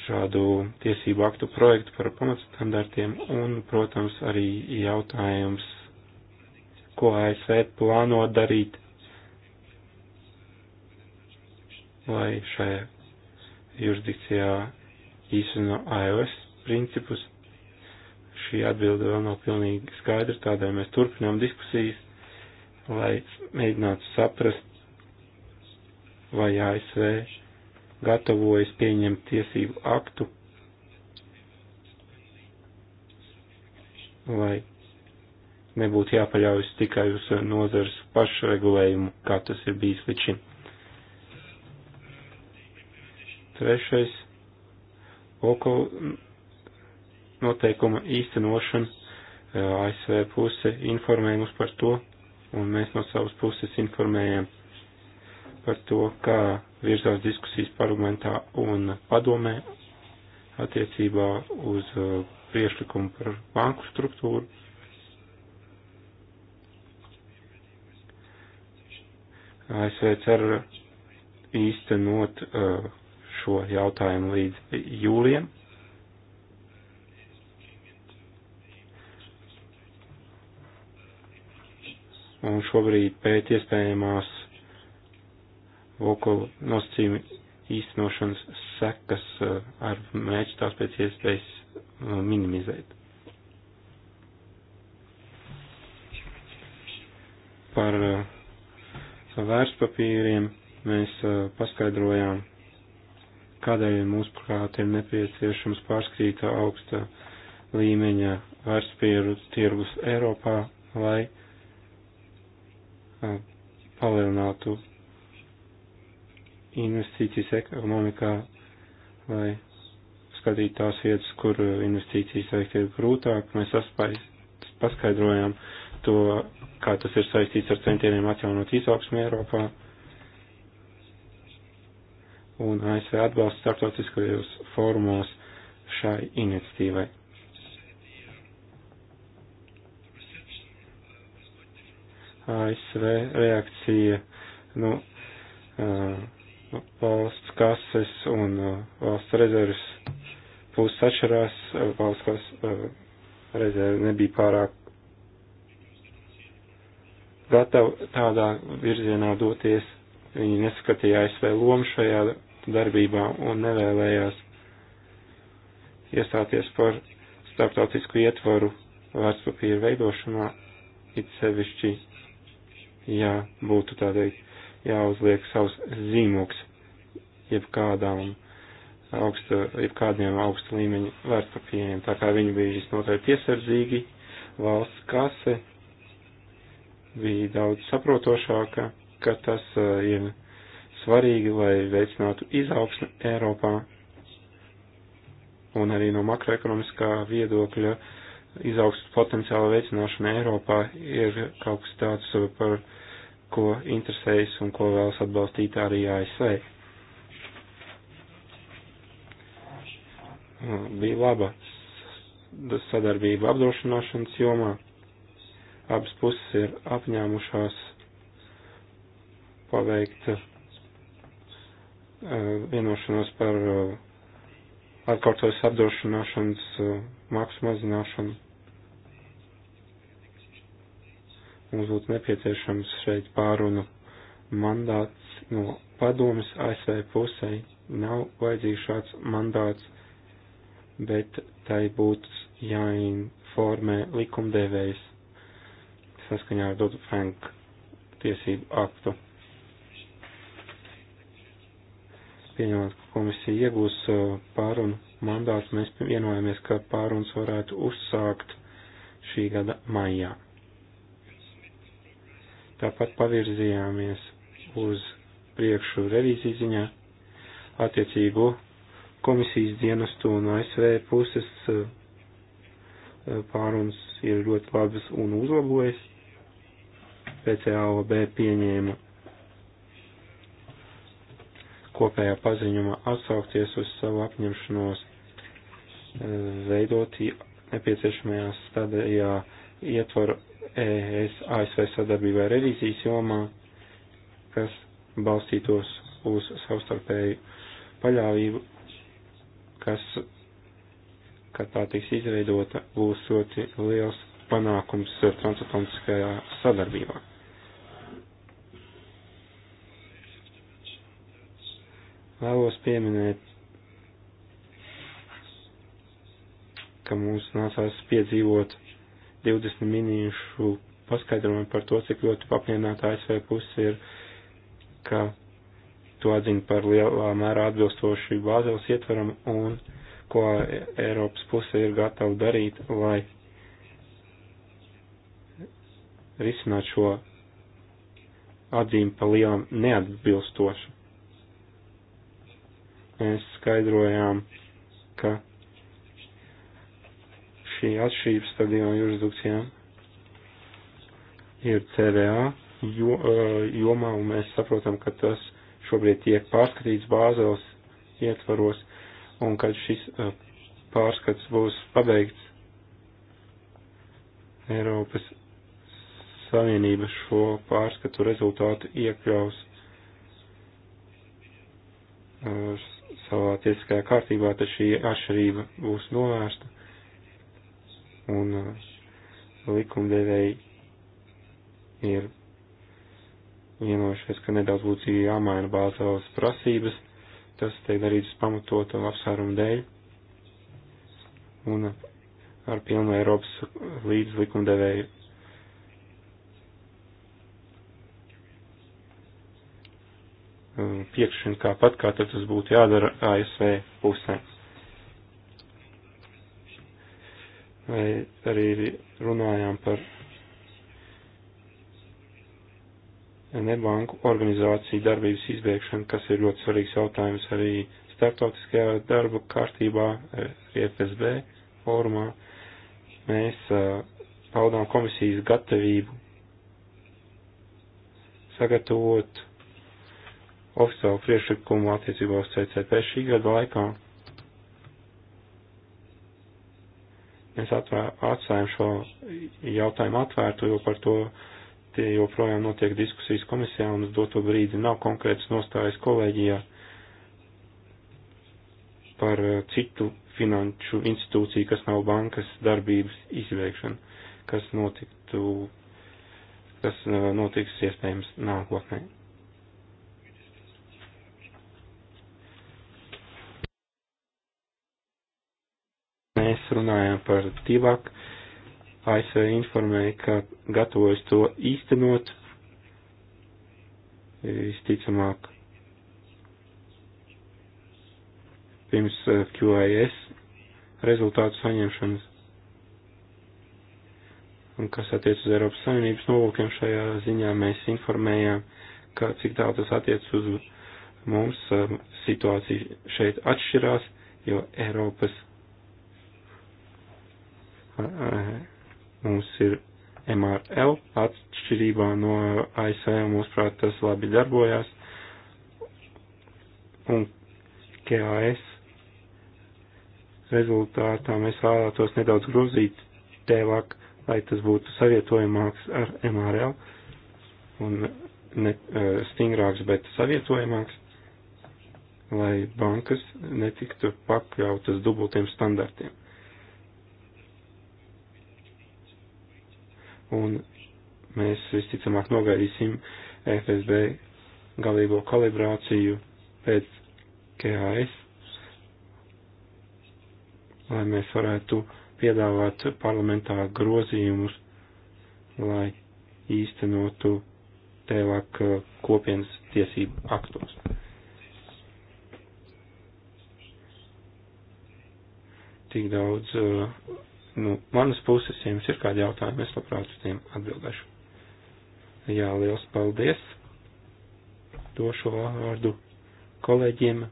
šādu tiesību aktu projektu par pamatstandartiem un, protams, arī jautājums, ko ASV plāno darīt, lai šajā jurisdikcijā īsteno AOS principus. Šī atbilde vēl nav pilnīgi skaidra, tādēļ mēs turpinām diskusijas lai mēģinātu saprast, vai ASV gatavojas pieņemt tiesību aktu, lai nebūtu jāpaļaujas tikai uz nozares pašregulējumu, kā tas ir bijis līdz šim. Trešais - OKO noteikuma īstenošana. ASV puse informē mums par to, un mēs no savas puses informējam par to, kā virzās diskusijas parlamentā un padomē attiecībā uz uh, priešlikumu par banku struktūru. ASV cer īstenot uh, šo jautājumu līdz jūlijam. un šobrīd pēt iespējamās vokalu nosacījumu īstenošanas sekas eh, ar mēģi tās pēc iespējas eh, minimizēt. Par eh, vērtspapīriem mēs paskaidrojām, kādēļ mūsuprāt ir nepieciešams pārskatīt augsta līmeņa vērtspapīru tirgus Eiropā, lai uh, palielinātu investīcijas ekonomikā vai skatīt tās vietas, kur investīcijas veikt ir grūtāk. Mēs paskaidrojām to, kā tas ir saistīts ar centieniem atjaunot izaugsmu Eiropā. Un ASV atbalsts starptautiskajos formos šai iniciatīvai. ASV reakcija no nu, valsts kases un valsts rezerves puses atšķirās. Valsts kases rezerve nebija pārāk gatavi tādā virzienā doties. Viņi neskatīja ASV lomu šajā darbībā un nevēlējās iestāties par starptautisku ietvaru vērtspapīru veidošanā, it sevišķi ja būtu tādēļ jāuzliek savs zīmoks jebkādām augstu, jebkādiem augstu līmeņu vērtspapīriem. Tā kā viņi bija visnotaļ piesardzīgi, valsts kase bija daudz saprotošāka, ka tas uh, ir svarīgi, lai veicinātu izaugsmu Eiropā un arī no makroekonomiskā viedokļa uh, izaugsmes potenciāla veicināšana Eiropā ir kaut kas tāds, eh, par ko interesējas un ko vēlas atbalstīt arī ASV. Eh, bija laba sadarbība apdrošināšanas jomā. Abas puses ir apņēmušās paveikt eh, vienošanos par atkārtojas apdrošināšanas maksu mazināšanu Mums būtu nepieciešams šeit pārunu mandāts no padomas ASV pusē. Nav vajadzīgs šāds mandāts, bet tai būtu jāinformē likumdevējs saskaņā ar Dodu Frank tiesību aktu. Pieņemot, ka komisija iegūs uh, pārunu mandāts, mēs vienojamies, ka pārunas varētu uzsākt šī gada maijā. Tāpat pavirzījāmies uz priekšu revīzijas ziņā attiecīgo komisijas dienestu un ASV puses eh, pārunas ir ļoti labas un uzlabojas. PCAOB pieņēma kopējā paziņumā atsaukties uz savu apņemšanos eh, veidot nepieciešamajā stadijā ietvaru ES ASV sadarbībai revīzijas jomā, kas balstītos uz savstarpēju paļāvību, kas, kad tā tiks izveidota, būs ļoti liels panākums transatlantiskajā sadarbībā. Vēlos pieminēt, ka mums nācās piedzīvot 20 minūšu paskaidrojumu par to, cik ļoti apmierināta ASV puse ir, ka to atzina par lielā mērā atbilstoši Bāzeles ietveram un ko Eiropas puse ir gatava darīt, lai risināt šo atzīmi pa lielam neatbilstošu. Mēs skaidrojām, ka šī atšķirība starp divām jurisdikcijām ir CVA jo, eh, jomā, un mēs saprotam, ka tas šobrīd tiek pārskatīts bāzels ietvaros, un kad šis eh, pārskats būs pabeigts, Eiropas Savienība šo pārskatu rezultātu iekļaus eh, savā tiesiskajā kārtībā, tad šī atšķirība būs novērsta un uh, likumdevēji ir vienojušies, ka nedaudz būtu jāmaina bāzās prasības, tas tiek darīts pamatot un apsvērumu dēļ, un uh, ar pilnu Eiropas līdz likumdevēju. Uh, Piekšņu kā pat, kā tas būtu jādara ASV pusē. vai arī runājām par nebanku organizāciju darbības izbēgšanu, kas ir ļoti svarīgs jautājums arī starptautiskajā darba kārtībā, FSB fórumā. Mēs paudām komisijas gatavību sagatavot oficiālu priekšlikumu attiecībā uz CCP šī gada laikā. Mēs atvē, atstājam šo jautājumu atvērtu, jo par to tie joprojām notiek diskusijas komisijā un uz doto brīdi nav konkrētas nostājas kolēģijā par uh, citu finanšu institūciju, kas nav bankas darbības izveikšana, kas notiktu, kas uh, notiks iespējams nākotnē. runājām par Tibak, ASV informēja, ka gatavojas to īstenot visticamāk pirms eh, QIS rezultātu saņemšanas. Un kas attiec uz Eiropas Savienības nolūkiem šajā ziņā, mēs informējām, ka cik tālu tas attiec uz mums, eh, situācija šeit atšķirās, jo Eiropas mums ir MRL atšķirībā no ASV, mūsuprāt, tas labi darbojās. Un KAS rezultātā mēs vēlētos nedaudz grozīt tēlāk, lai tas būtu savietojamāks ar MRL un ne e, stingrāks, bet savietojamāks, lai bankas netiktu pakļautas dubultiem standartiem. un mēs visticamāk nogaidīsim FSB galīgo kalibrāciju pēc KAS, lai mēs varētu piedāvāt parlamentā grozījumus, lai īstenotu tēlāk uh, kopienas tiesību aktos. Tik daudz uh, nu, manas puses, ja jums ir kādi jautājumi, es labprāt uz tiem atbildēšu. Jā, liels paldies. Došu vārdu kolēģiem.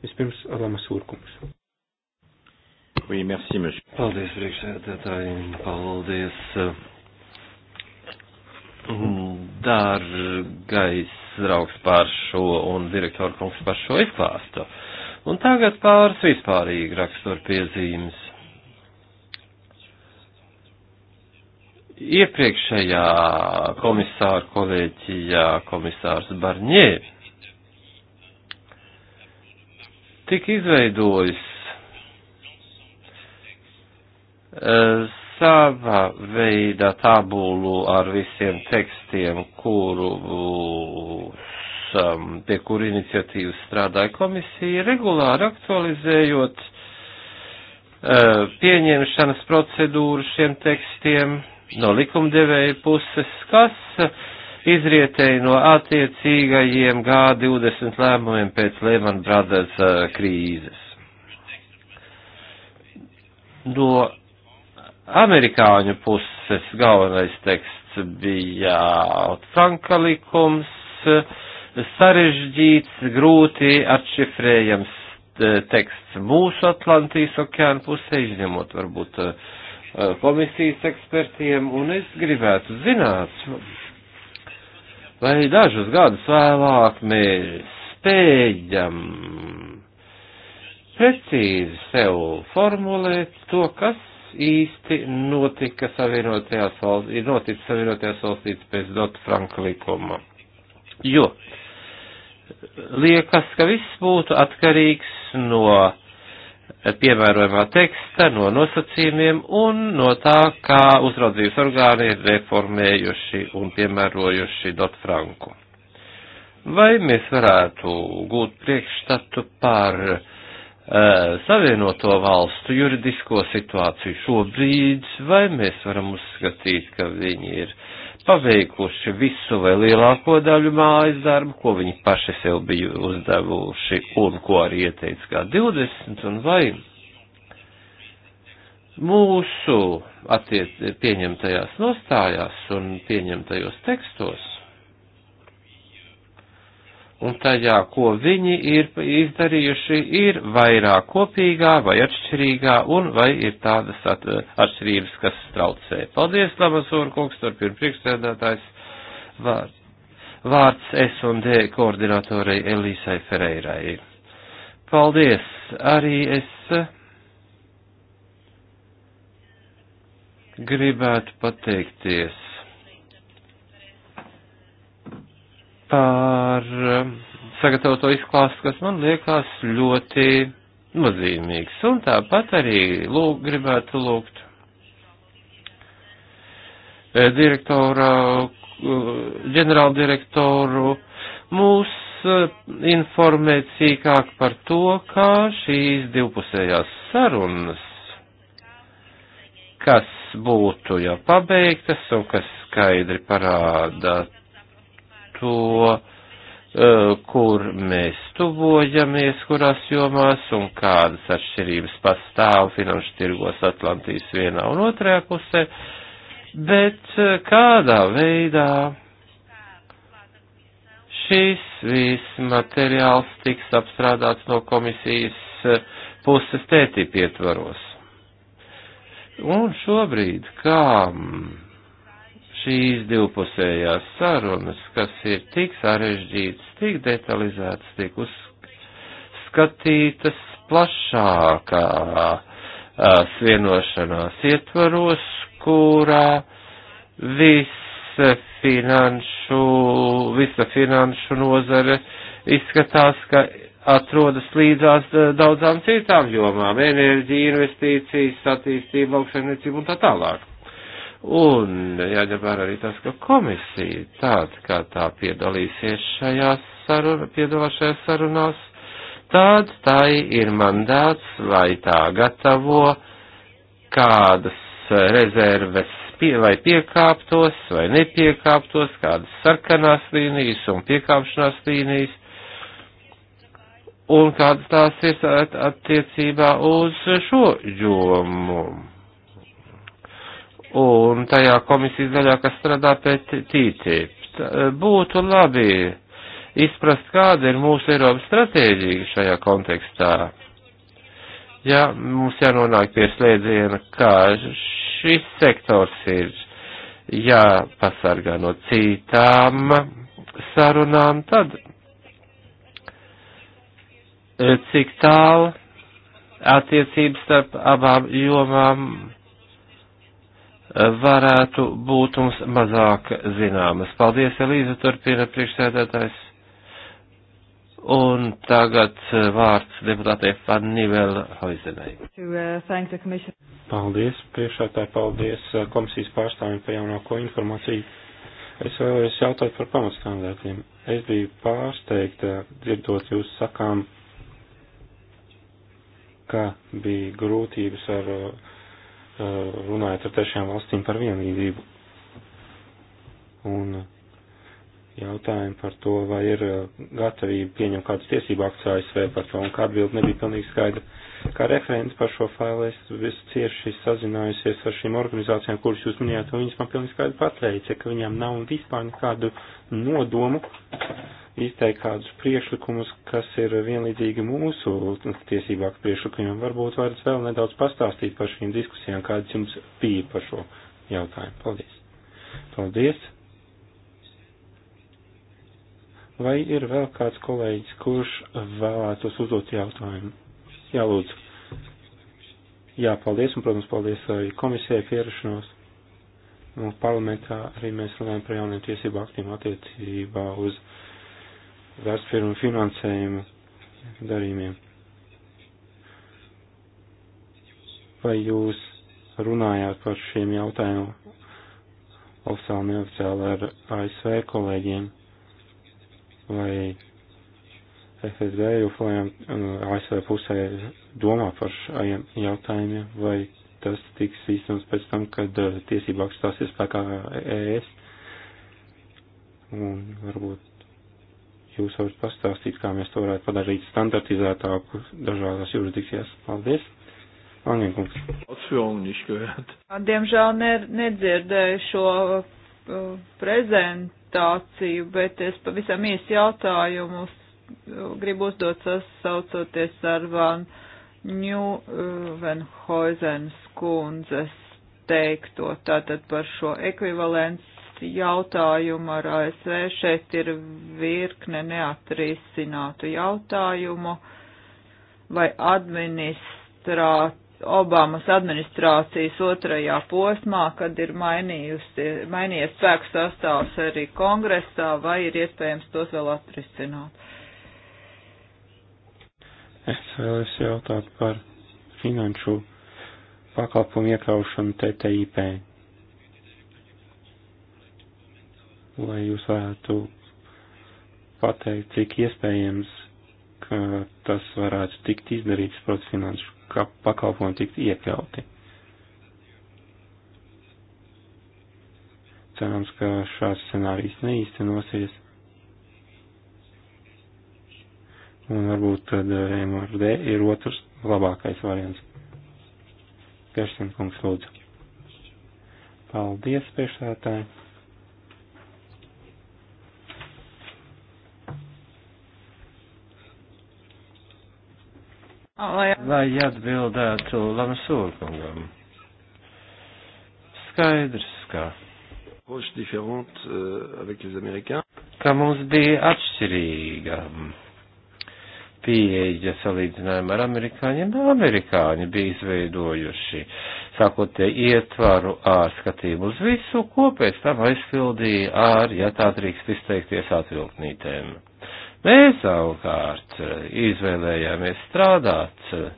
Vispirms Lamas Urkums. Oui, merci, monsieur. Paldies, priekšsēdētāji. Paldies. Mm, dārgais draugs par šo un direktoru kungs par šo izklāstu. Un tagad pāris vispārīgi rakstur piezīmes iepriekšējā komisāra kolēģijā komisārs Barņē tika izveidojis uh, sava veida tabulu ar visiem tekstiem, kuru, um, pie kuru iniciatīvas strādāja komisija, regulāri aktualizējot uh, pieņemšanas procedūru šiem tekstiem no likumdevēja puses, kas izrietēja no attiecīgajiem G20 lēmumiem pēc Lehman Brothers uh, krīzes. No amerikāņu puses galvenais teksts bija Franka likums, sarežģīts, grūti atšifrējams uh, teksts mūsu Atlantijas okeāna pusē, izņemot varbūt uh, Eh, komisijas ekspertiem, un es gribētu zināt, vai dažus gadus vēlāk mēs spējam precīzi sev formulēt to, kas īsti notika savienotajās valstīs, ir noticis savienotajās valstīs pēc Dota Franka likuma. Jo liekas, ka viss būtu atkarīgs no piemērojumā teksta, no nosacījumiem un no tā, kā uzraudzības orgāni ir reformējuši un piemērojuši Dot Franku. Vai mēs varētu gūt priekšstatu par uh, Savienoto valstu juridisko situāciju šobrīd, vai mēs varam uzskatīt, ka viņi ir uh, paveikuši visu vai lielāko daļu mājas darbu, ko viņi paši sev bija uzdevuši un ko arī ieteica kā 20 un vai mūsu attiec, pieņemtajās nostājās un pieņemtajos tekstos un tajā, ko viņi ir izdarījuši, ir vairāk kopīgā vai atšķirīgā, un vai ir tādas at, atšķirības, kas traucē. Paldies, Lamasūra kungs, turpina priekšsēdētājs vārds, vārds S un D koordinatorei Elīsai Ferreirai. Paldies, arī es gribētu pateikties par um, sagatavoto izklāstu, kas man liekas ļoti nozīmīgs. Un tāpat arī lūg, gribētu lūgt eh, direktora, eh, ģenerāldirektoru mūs eh, informēt sīkāk par to, kā šīs divpusējās sarunas, kas būtu jau pabeigtas un kas skaidri parāda to, eh, kur mēs tuvojamies, kurās jomās un kādas atšķirības pastāv finanšu tirgos Atlantijas vienā un otrajā pusē, bet eh, kādā veidā šis viss materiāls tiks apstrādāts no komisijas eh, puses tētī pietvaros. Un šobrīd, kā šīs divpusējās sarunas, kas ir tik sarežģītas, tik detalizētas, tik uzskatītas plašākā svienošanās ietvaros, kurā visa finanšu, visa finanšu nozare izskatās, ka atrodas līdzās daudzām citām jomām - enerģija, investīcijas, attīstība, lauksaimniecība un tā tālāk. Un jāņem vērā arī tas, ka komisija tāda, kā tā piedalīsies šajās sarun, piedalās šajās sarunās, tāda tā ir mandāts, lai tā gatavo kādas rezerves pie, vai piekāptos vai nepiekāptos, kādas sarkanās līnijas un piekāpšanās līnijas, un kādas tās ir attiecībā uz šo jomu un tajā komisijas daļā, kas strādā pēc TTIP. Būtu labi izprast, kāda ir mūsu Eiropas stratēģija šajā kontekstā. Ja mums jānonāk pie slēdziena, ka šis sektors ir jāpasargā no citām sarunām, tad eh, cik tālu attiecības starp abām jomām varētu būt mums mazāk zināmas. Paldies, Elīza, turpina priekšsēdētājs. Un tagad eh, vārds deputātei Fannivel Hoizenai. Eh, paldies, priekšētāji, paldies eh, komisijas pārstāvjiem par jaunāko informāciju. Es vēlējos jautāt par pamatstandārtiem. Es biju pārsteigta, dzirdot jūs sakām, ka bija grūtības ar uh, Eh, runājot ar trešajām valstīm par vienlīdzību. Un eh, jautājumu par to, vai ir eh, gatavība pieņemt kādus tiesību aktus ASV par to, un kā atbildi nebija pilnīgi skaidra. Kā referents par šo failu es visu cieši sazinājusies ar šīm organizācijām, kuras jūs minējāt, un viņas man pilnīgi skaidri pateica, ka viņām nav vispār nekādu nodomu uh, izteikt kādus priekšlikumus, kas ir vienlīdzīgi mūsu tiesību aktu priekšlikumiem. Varbūt varat vēl nedaudz pastāstīt par šīm diskusijām, kādas jums bija par šo jautājumu. Paldies! Paldies! Vai ir vēl kāds kolēģis, kurš vēlētos uzdot jautājumu? Jā, lūdzu. Jā, paldies, un, protams, paldies arī komisijai pierašanos. Un nu, parlamentā arī mēs runājam par jauniem tiesību aktiem attiecībā uz uh, vērtspirmu finansējumu darījumiem. Vai jūs runājāt par šiem jautājumiem oficiāli neoficiāli ar ASV kolēģiem? Vai FSB joprojām ASV pusē domā par šiem jautājumiem? Vai tas tiks īstenots pēc tam, kad uh, tiesībā stāsies spēkā ES? Un varbūt jūs varat pastāstīt, kā mēs to varētu padarīt standartizētāku dažādās jurisdikcijās. Paldies! Angenkungs. Diemžēl ne, nedzirdēju šo uh, prezentāciju, bet es pavisam īsi jautājumu gribu uzdot sasaucoties ar Van Ņuvenhoizens kundzes teikto tātad par šo ekvivalents jautājumu ar ASV. Šeit ir virkne neatrisinātu jautājumu, vai administrāt, Obamas administrācijas otrajā posmā, kad ir mainījies spēku sastāvs arī kongresā, vai ir iespējams tos vēl atrisināt. Es vēlos jautāt par finanšu pakalpojumu iekļaušanu TTIP lai jūs varētu pateikt, cik iespējams, ka tas varētu tikt izdarīts, protams, finanšu pakalpojumi tikt iekļauti. Cerams, ka šāds scenārijs neīstenosies. Un varbūt tad eh, MRD ir otrs labākais variants. Gersim kungs lūdzu. Paldies, priekšsētāji! Lai atbildētu Lamsūrkungam. Skaidrs, ka. Euh, ka mums bija atšķirīga pieeja salīdzinājumā ar amerikāņiem. Amerikāņi bija izveidojuši, sākot te ietvaru ar skatību uz visu, ko pēc tam aizpildīja ar, ja tā drīkst izteikties, atvilknītēm. Mēs savukārt eh, izvēlējāmies strādāt eh,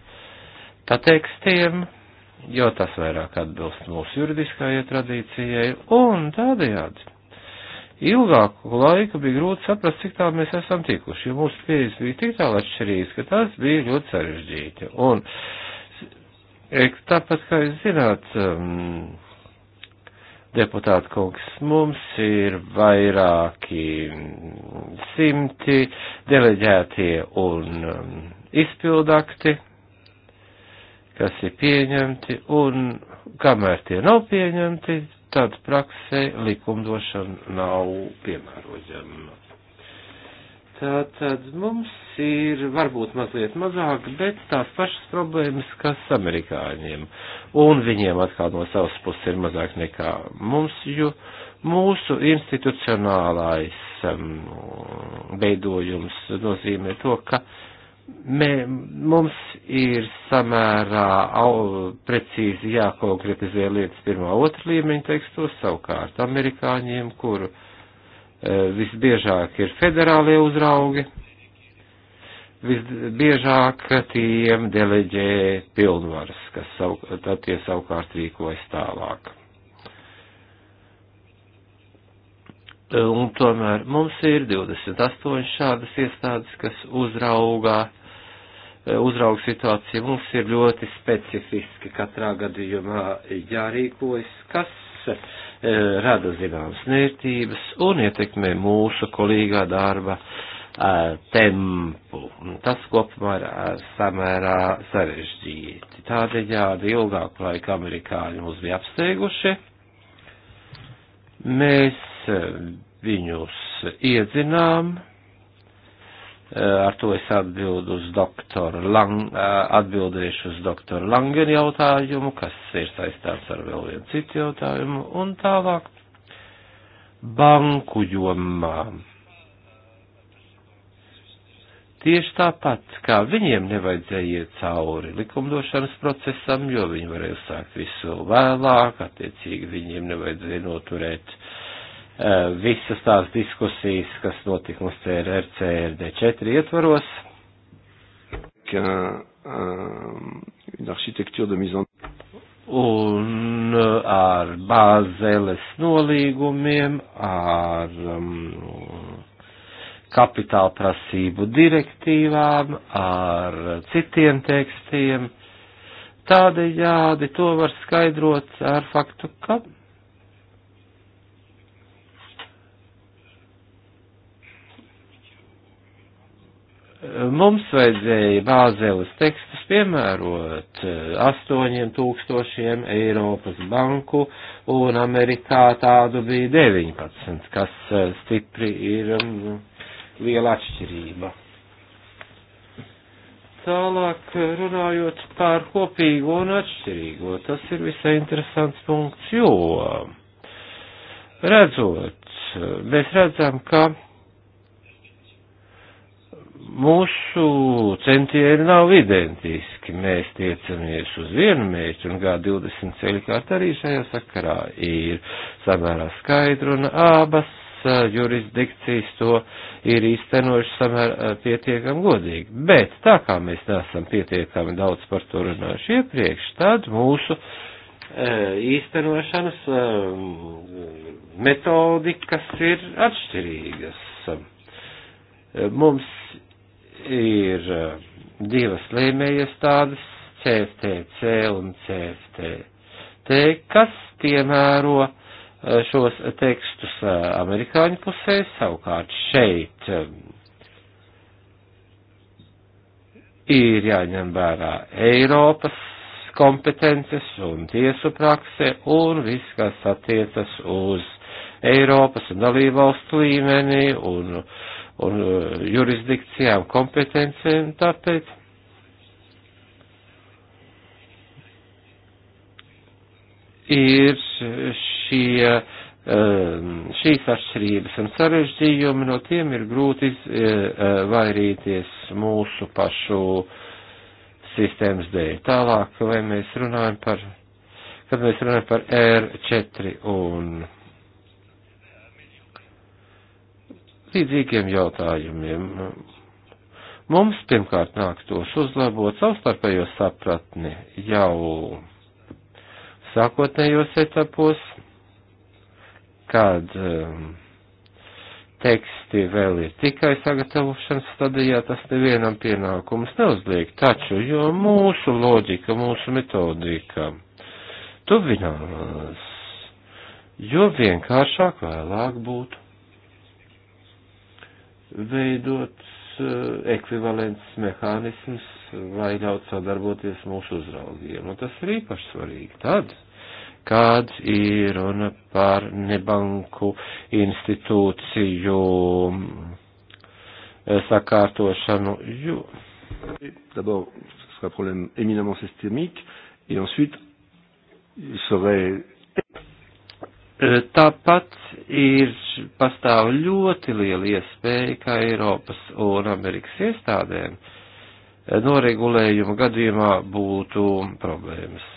pa tekstiem, jo tas vairāk atbilst mūsu juridiskajai tradīcijai, un tādējādi ilgāku laiku bija grūti saprast, cik tālu mēs esam tikuši, jo mūsu pieejas bija tik tālu atšķirīgas, ka tas bija ļoti sarežģīti. Un eh, tāpat, kā jūs zināt, um, deputāta kungs, mums ir vairāki simti deleģētie un um, izpildakti, kas ir pieņemti, un kamēr tie nav pieņemti, tad praksē likumdošana nav piemērojama. Tātad mums ir varbūt mazliet mazāk, bet tās pašas problēmas, kas amerikāņiem. Un viņiem atkal no savas puses ir mazāk nekā mums, jo mūsu institucionālais um, veidojums nozīmē to, ka mē, mums ir samērā au, precīzi jākonkretizē lietas pirmā otra līmeņa tekstos, savukārt amerikāņiem, kuru. Uh, Eh, visbiežāk ir federālie uzraugi, visbiežāk tiem deleģē pilnvaras, kas savu, tad tie savukārt rīkojas tālāk. Eh, un tomēr mums ir 28 šādas iestādes, kas uzraugā eh, uzrauga situācija mums ir ļoti specifiski katrā gadījumā jārīkojas, kas Eh, rada zināmas nērtības un ietekmē mūsu kolīgā darba eh, tempu. Tas kopumā ir eh, samērā sarežģīti. Tādējādi ilgāku laiku amerikāņi mūs bija apsteiguši. Mēs viņus iedzinām Eh, ar to es atbildu uz doktoru Lang, eh, atbildēšu uz doktoru Langen jautājumu, kas ir saistāts ar vēl vienu citu jautājumu, un tālāk banku jomā. Tieši tāpat, kā viņiem nevajadzēja iet cauri likumdošanas procesam, jo viņi varēja uzsākt visu vēlāk, attiecīgi viņiem nevajadzēja noturēt Eh, visas tās diskusijas, kas notika mums CRR, CRD4 ietvaros. Ehm, Un eh, ar bāzeles nolīgumiem, ar um, kapitāla prasību direktīvām, ar citiem tekstiem. Tādējādi to var skaidrot ar faktu, ka Mums vajadzēja bāzeles tekstus piemērot eh, astoņiem tūkstošiem Eiropas banku, un Amerikā tādu bija 19, kas eh, stipri ir mm, liela atšķirība. Tālāk eh, runājot par kopīgo un atšķirīgo, tas ir visai interesants punkts, jo redzot, mēs redzam, ka mūsu centieni nav identiski. Mēs tiecamies uz vienu mērķi, un G20 ceļkārt arī šajā sakarā ir samērā skaidra, un abas jurisdikcijas to ir īstenojuši samērā pietiekam godīgi. Bet tā kā mēs neesam pietiekami daudz par to runājuši iepriekš, tad mūsu īstenošanas metodikas ir atšķirīgas. Mums ir eh, divas lēmējas tādas, CFTC un CFTT, kas piemēro eh, šos tekstus eh, amerikāņu pusē, savukārt šeit ir jāņem vērā Eiropas kompetences un tiesu prakse un viss, kas attiecas uz Eiropas un dalībvalstu līmeni un uh, un eh, jurisdikcijām kompetencēm, tāpēc ir šie, eh, šīs atšķirības un sarežģījumi, no tiem ir grūti eh, vairīties mūsu pašu sistēmas dēļ. Tālāk, vai mēs runājam par, kad mēs runājam par R4 un līdzīgiem jautājumiem. Mums pirmkārt nāktos uzlabot savstarpējo sapratni jau sākotnējos etapos, kad um, teksti vēl ir tikai sagatavošanas stadijā, tas nevienam pienākums neuzliek, taču, jo mūsu loģika, mūsu metodika tuvinās, jo vienkāršāk vēlāk būtu veidot eh, ekvivalents mehānisms, lai ļaut sadarboties mūsu uzraugiem. Un tas ir īpaši svarīgi tad, kad ir runa par nebanku institūciju eh, sakārtošanu. Jo. D'abord, ce sera un problème éminemment systémique, et ensuite, il serait E, tāpat ir pastāv ļoti liela iespēja, ka Eiropas un Amerikas iestādēm e, noregulējuma gadījumā būtu problēmas.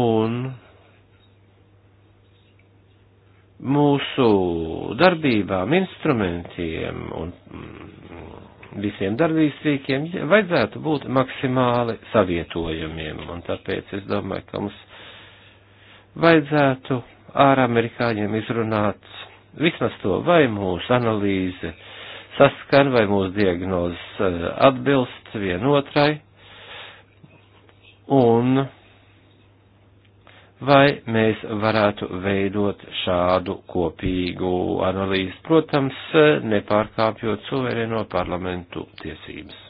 Un mūsu darbībām, instrumentiem un mm, visiem darbības rīkiem vajadzētu būt maksimāli savietojumiem, un tāpēc es domāju, ka mums vajadzētu ar amerikāņiem izrunāt vismaz to, vai mūsu analīze saskan, vai mūsu diagnozes eh, atbilst vienotrai, un vai mēs varētu veidot šādu kopīgu analīzi, protams, eh, nepārkāpjot suverēno parlamentu tiesības.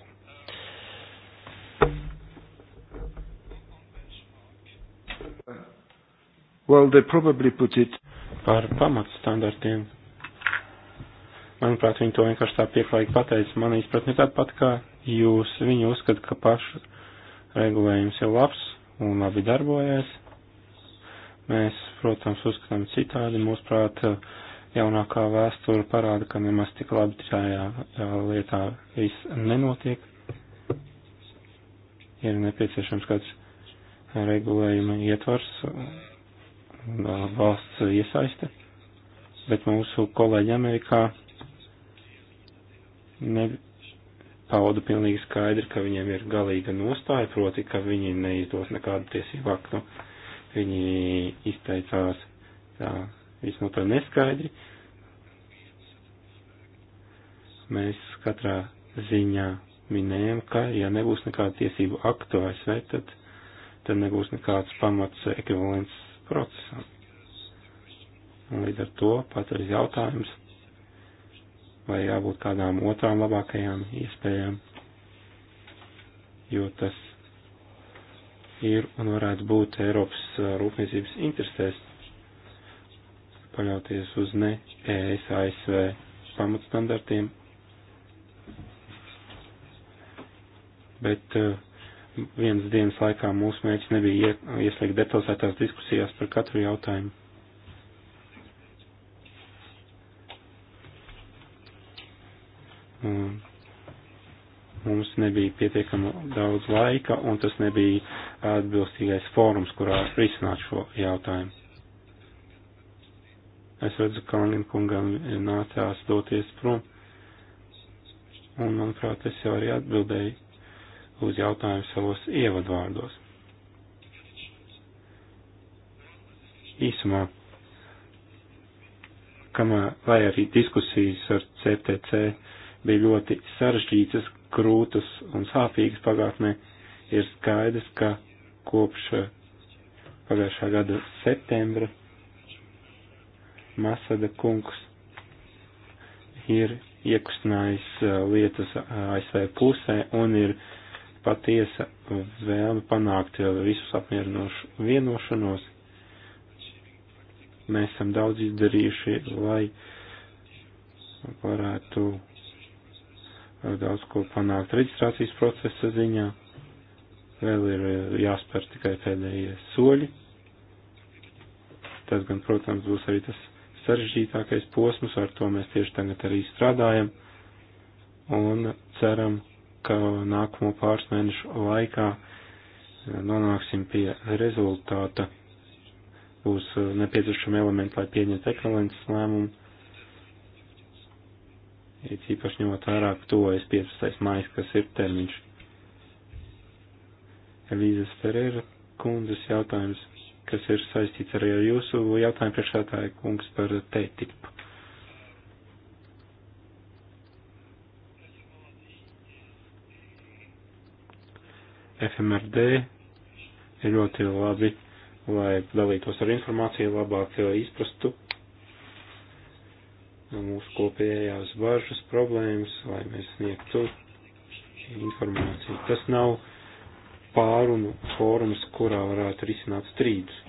Well, they probably put it. Par pamatstandartiem. Manuprāt, viņi to vienkārši tā pieklājīgi pateica. Man izpratne ir tāda pat, kā jūs viņu uzskata, ka pašu regulējums ir labs un labi darbojas. Mēs, protams, uzskatām citādi. Mūsuprāt, jaunākā vēsture parāda, ka nemaz tik labi šajā lietā viss nenotiek. Ir nepieciešams kāds regulējuma ietvars Uh, valsts iesaiste, bet mūsu kolēģi Amerikā nepauda pilnīgi skaidri, ka viņiem ir galīga nostāja, proti, ka viņi neizdos nekādu tiesību aktu. Viņi izteicās tā, visnotaļ neskaidri. Mēs katrā ziņā minējam, ka ja nebūs nekāda tiesību aktu ASV, tad, tad nebūs nekāds pamats ekvivalents procesam. Un līdz ar to patreiz jautājums, vai jābūt kādām otrām labākajām iespējām, jo tas ir un varētu būt Eiropas uh, rūpniecības interesēs paļauties uz ne ES ASV pamatstandartiem, bet uh, vienas dienas laikā mūsu mērķis nebija ieslēgt detalizētās diskusijās par katru jautājumu. Mums nebija pietiekama daudz laika, un tas nebija atbilstīgais fórums, kurā risināt šo jautājumu. Es redzu, ka Langam kungam nācās doties prom, un, manuprāt, es jau arī atbildēju uz jautājumu savos ievadvārdos. Īsumā, kamēr, lai arī diskusijas ar CTC bija ļoti sarežģītas, grūtas un sāpīgas pagātnē, ir skaidrs, ka kopš pagājušā gada septembra Masada kungs ir iekustinājis uh, lietas uh, ASV pusē un ir uh, patiesa vēlme panākt visus apmierinošu vienošanos. Mēs esam daudz izdarījuši, lai varētu daudz ko panākt reģistrācijas procesa ziņā. Vēl ir eh, jāspēr tikai pēdējie soļi. Tas gan, protams, būs arī tas sarežģītākais posms, ar to mēs tieši tagad arī strādājam un ceram, ka nākamo pāris mēnešu laikā eh, nonāksim pie rezultāta. Būs eh, nepieciešami elementi, lai pieņemtu ekvivalents lēmumu. Ir īpaši ņemot vērā, ka tuvojas 15. mājas, kas ir termiņš. Elīzes Ferēra kundzes jautājums, kas ir saistīts arī ar jūsu jautājumu priekšētāju kungs par tētipu. FMRD ir ļoti labi, lai dalītos ar informāciju, labāk izprastu mūsu kopējās bažas, problēmas, lai mēs sniegtu informāciju. Tas nav pārunu fórums, kurā varētu risināt strīdus.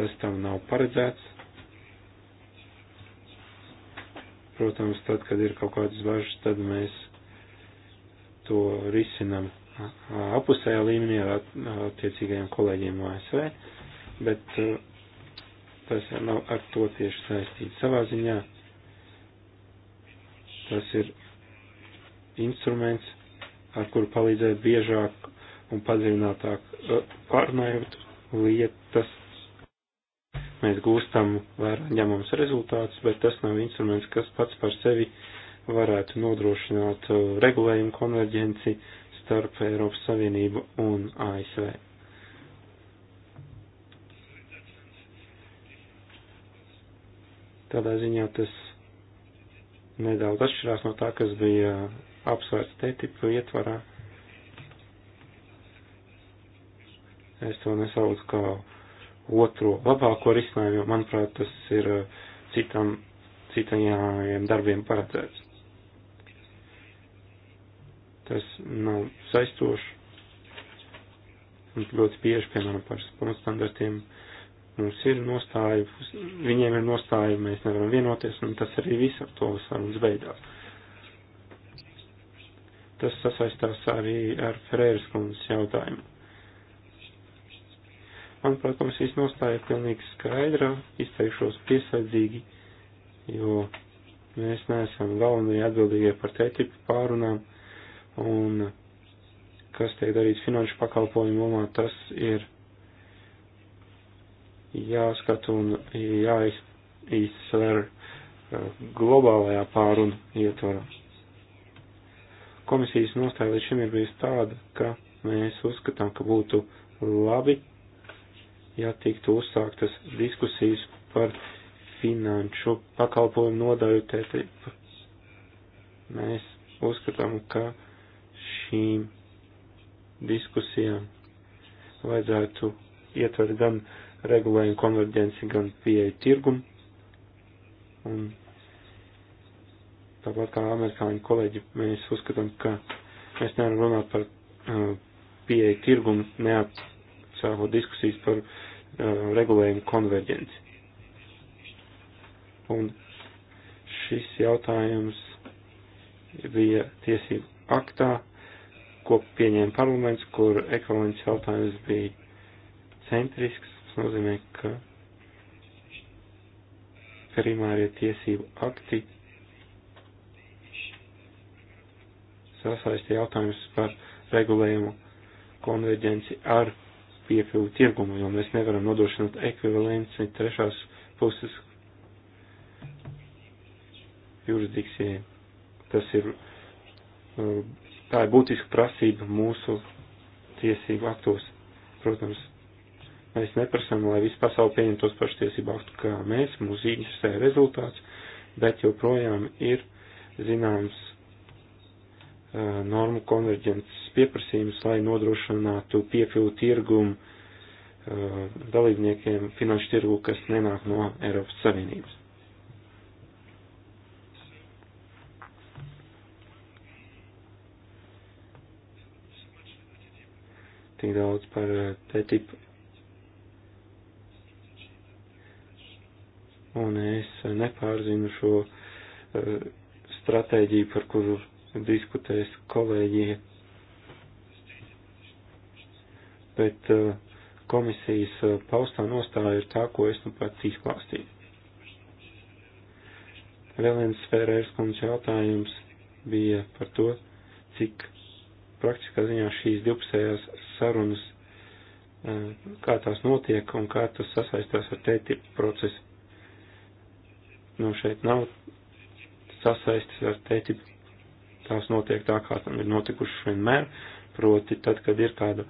Tas tam nav paredzēts. Protams, tad, kad ir kaut kādas bažas, tad mēs to risinam apusējā līmenī ar attiecīgajiem kolēģiem no ASV, bet e, tas nav ar to tieši saistīts savā ziņā. Tas ir instruments, ar kuru palīdzēt biežāk un padziļinātāk e, pārnājot lietas. Mēs gūstam vērā ņemums rezultātus, bet tas nav instruments, kas pats par sevi uh, varētu nodrošināt uh, regulējumu konverģenci starp Eiropas Savienību un ASV. Tādā ziņā tas nedaudz atšķirās no tā, kas bija apsvērts tetipu ietvarā. Es to nesaucu kā otro labāko risinājumu, jo, manuprāt, tas ir uh, citam, citajiem darbiem paredzēts. Tas nav saistoši. Mums ļoti bieži, piemēram, par pamatstandartiem mums ir nostāja, viņiem ir nostāja, mēs nevaram vienoties, un tas arī viss ar to sarunas beigās. Tas sasaistās arī ar Ferēras kundzes jautājumu. Manuprāt, komisijas nostāja ir pilnīgi skaidra, izteikšos piesardzīgi, jo mēs neesam galvenie atbildīgie par tētipu pārunām un kas tiek darīts finanšu pakalpojumu jomā, tas ir jāskata un jāizsver uh, globālajā pārunu ietvarā. Komisijas nostāja līdz šim ir bijusi tāda, ka mēs uzskatām, ka būtu labi, ja tiktu uzsāktas diskusijas par finanšu pakalpojumu nodaļu TTIP. Mēs uzskatām, ka šīm diskusijām vajadzētu ietvert gan regulējumu konverģenci, gan pieeju tirgumu. Un tāpat kā amerikāņu kolēģi, mēs uzskatām, ka mēs nevaram runāt par uh, pieeju tirgumu, neatsākot diskusijas par uh, regulējumu konverģenci. Un šis jautājums bija tiesību aktā, ko pieņēma parlaments, kur ekvivalents jautājums bija centrisks, tas nozīmē, ka primārie tiesību akti sasaista jautājums par regulējumu konverģenci ar piepildu tirgumu, jo mēs nevaram nodrošināt ekvivalenci trešās puses jurisdikcijai. Tas ir uh, Tā ir būtiska prasība mūsu tiesību aktos. Protams, mēs neprasām, lai visu pasauli pieņem tos pašus tiesību aktu kā mēs, mūsu īņķis ir rezultāts, bet joprojām ir zināms normu konverģences pieprasījums, lai nodrošinātu piepildu tirgumu dalībniekiem finanšu tirgu, kas nenāk no Eiropas Savienības. tik daudz par eh, TTIP. Un es nepārzinu šo uh, stratēģiju, par kuru diskutēs kolēģija. Bet uh, komisijas uh, paustā nostāja ir tā, ko es nu pats izklāstīju. Vēl viens Fērērs kungs jautājums bija par to, cik praktiskā ziņā šīs divpusējās sarunas, e, kā tās notiek un kā tas sasaistās ar tēti procesu. Nu, šeit nav sasaistas ar tēti, tās notiek tā, kā tam ir notikušas vienmēr, proti tad, kad ir kāda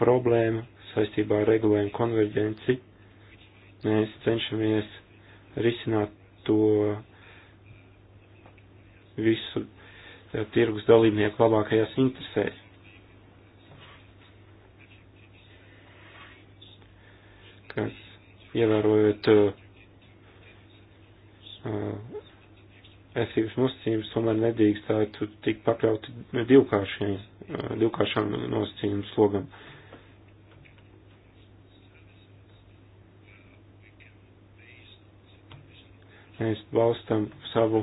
problēma saistībā ar regulējumu konverģenci, mēs cenšamies risināt to visu tirgus dalībnieku labākajās interesēs. Kas ievērojot uh, uh esības nosacījums, tomēr nedrīkstētu tik pakļauti divkāršiem, uh, divkāršām nosacījumu slogam. Mēs balstam savu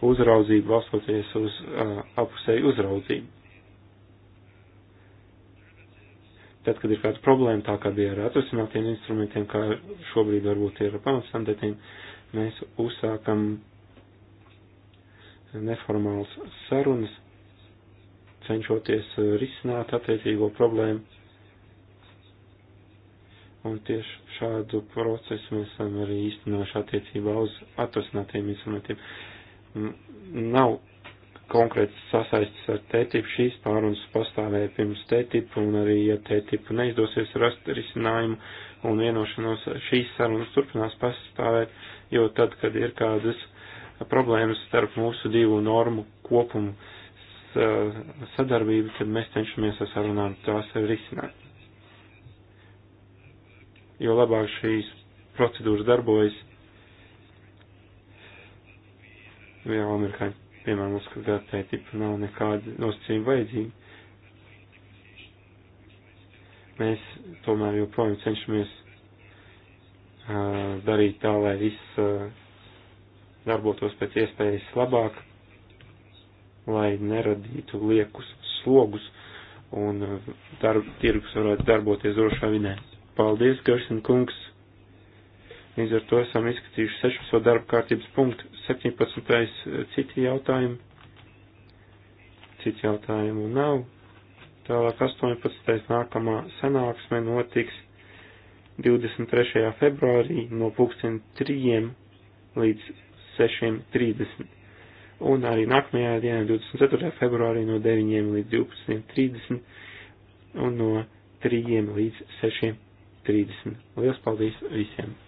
uzraudzību balstoties uz uh, apusēju uzraudzību. Tad, kad ir kāda problēma, tā kā bija ar atrasinātiem instrumentiem, kā šobrīd varbūt ir ar pamatstandētiem, mēs uzsākam neformālas sarunas, cenšoties risināt attiecīgo problēmu. Un tieši šādu procesu mēs esam arī īstenojuši attiecībā uz atrasinātiem instrumentiem nav konkrēts sasaistis ar TTIP, šīs pārunas pastāvēja pirms TTIP, un arī, ja TTIP neizdosies rast risinājumu un vienošanos, šīs sarunas turpinās pastāvēt, jo tad, kad ir kādas problēmas starp mūsu divu normu kopumu sadarbību, tad mēs cenšamies ar sarunām tās risināt. Jo labāk šīs procedūras darbojas, jau amerikāņi, piemēram, uzskata, ka TTIP nav nekāda nosacījuma vajadzīga. Mēs tomēr joprojām cenšamies uh, darīt tā, lai viss uh, darbotos pēc iespējas labāk, lai neradītu liekus slogus un darb, tirgus varētu darboties drošā vidē. Paldies, Gersen kungs! Līdz ar to esam izskatījuši 16. darba kārtības punktu, 17. Eh, citi jautājumi. Citi jautājumu nav. Tālāk 18. nākamā sanāksme notiks 23. februārī no 2003 līdz 6.30. Un arī nākamajā dienā 24. februārī no 9 līdz 12.30 un no 3 līdz 6.30. Lielas paldies visiem!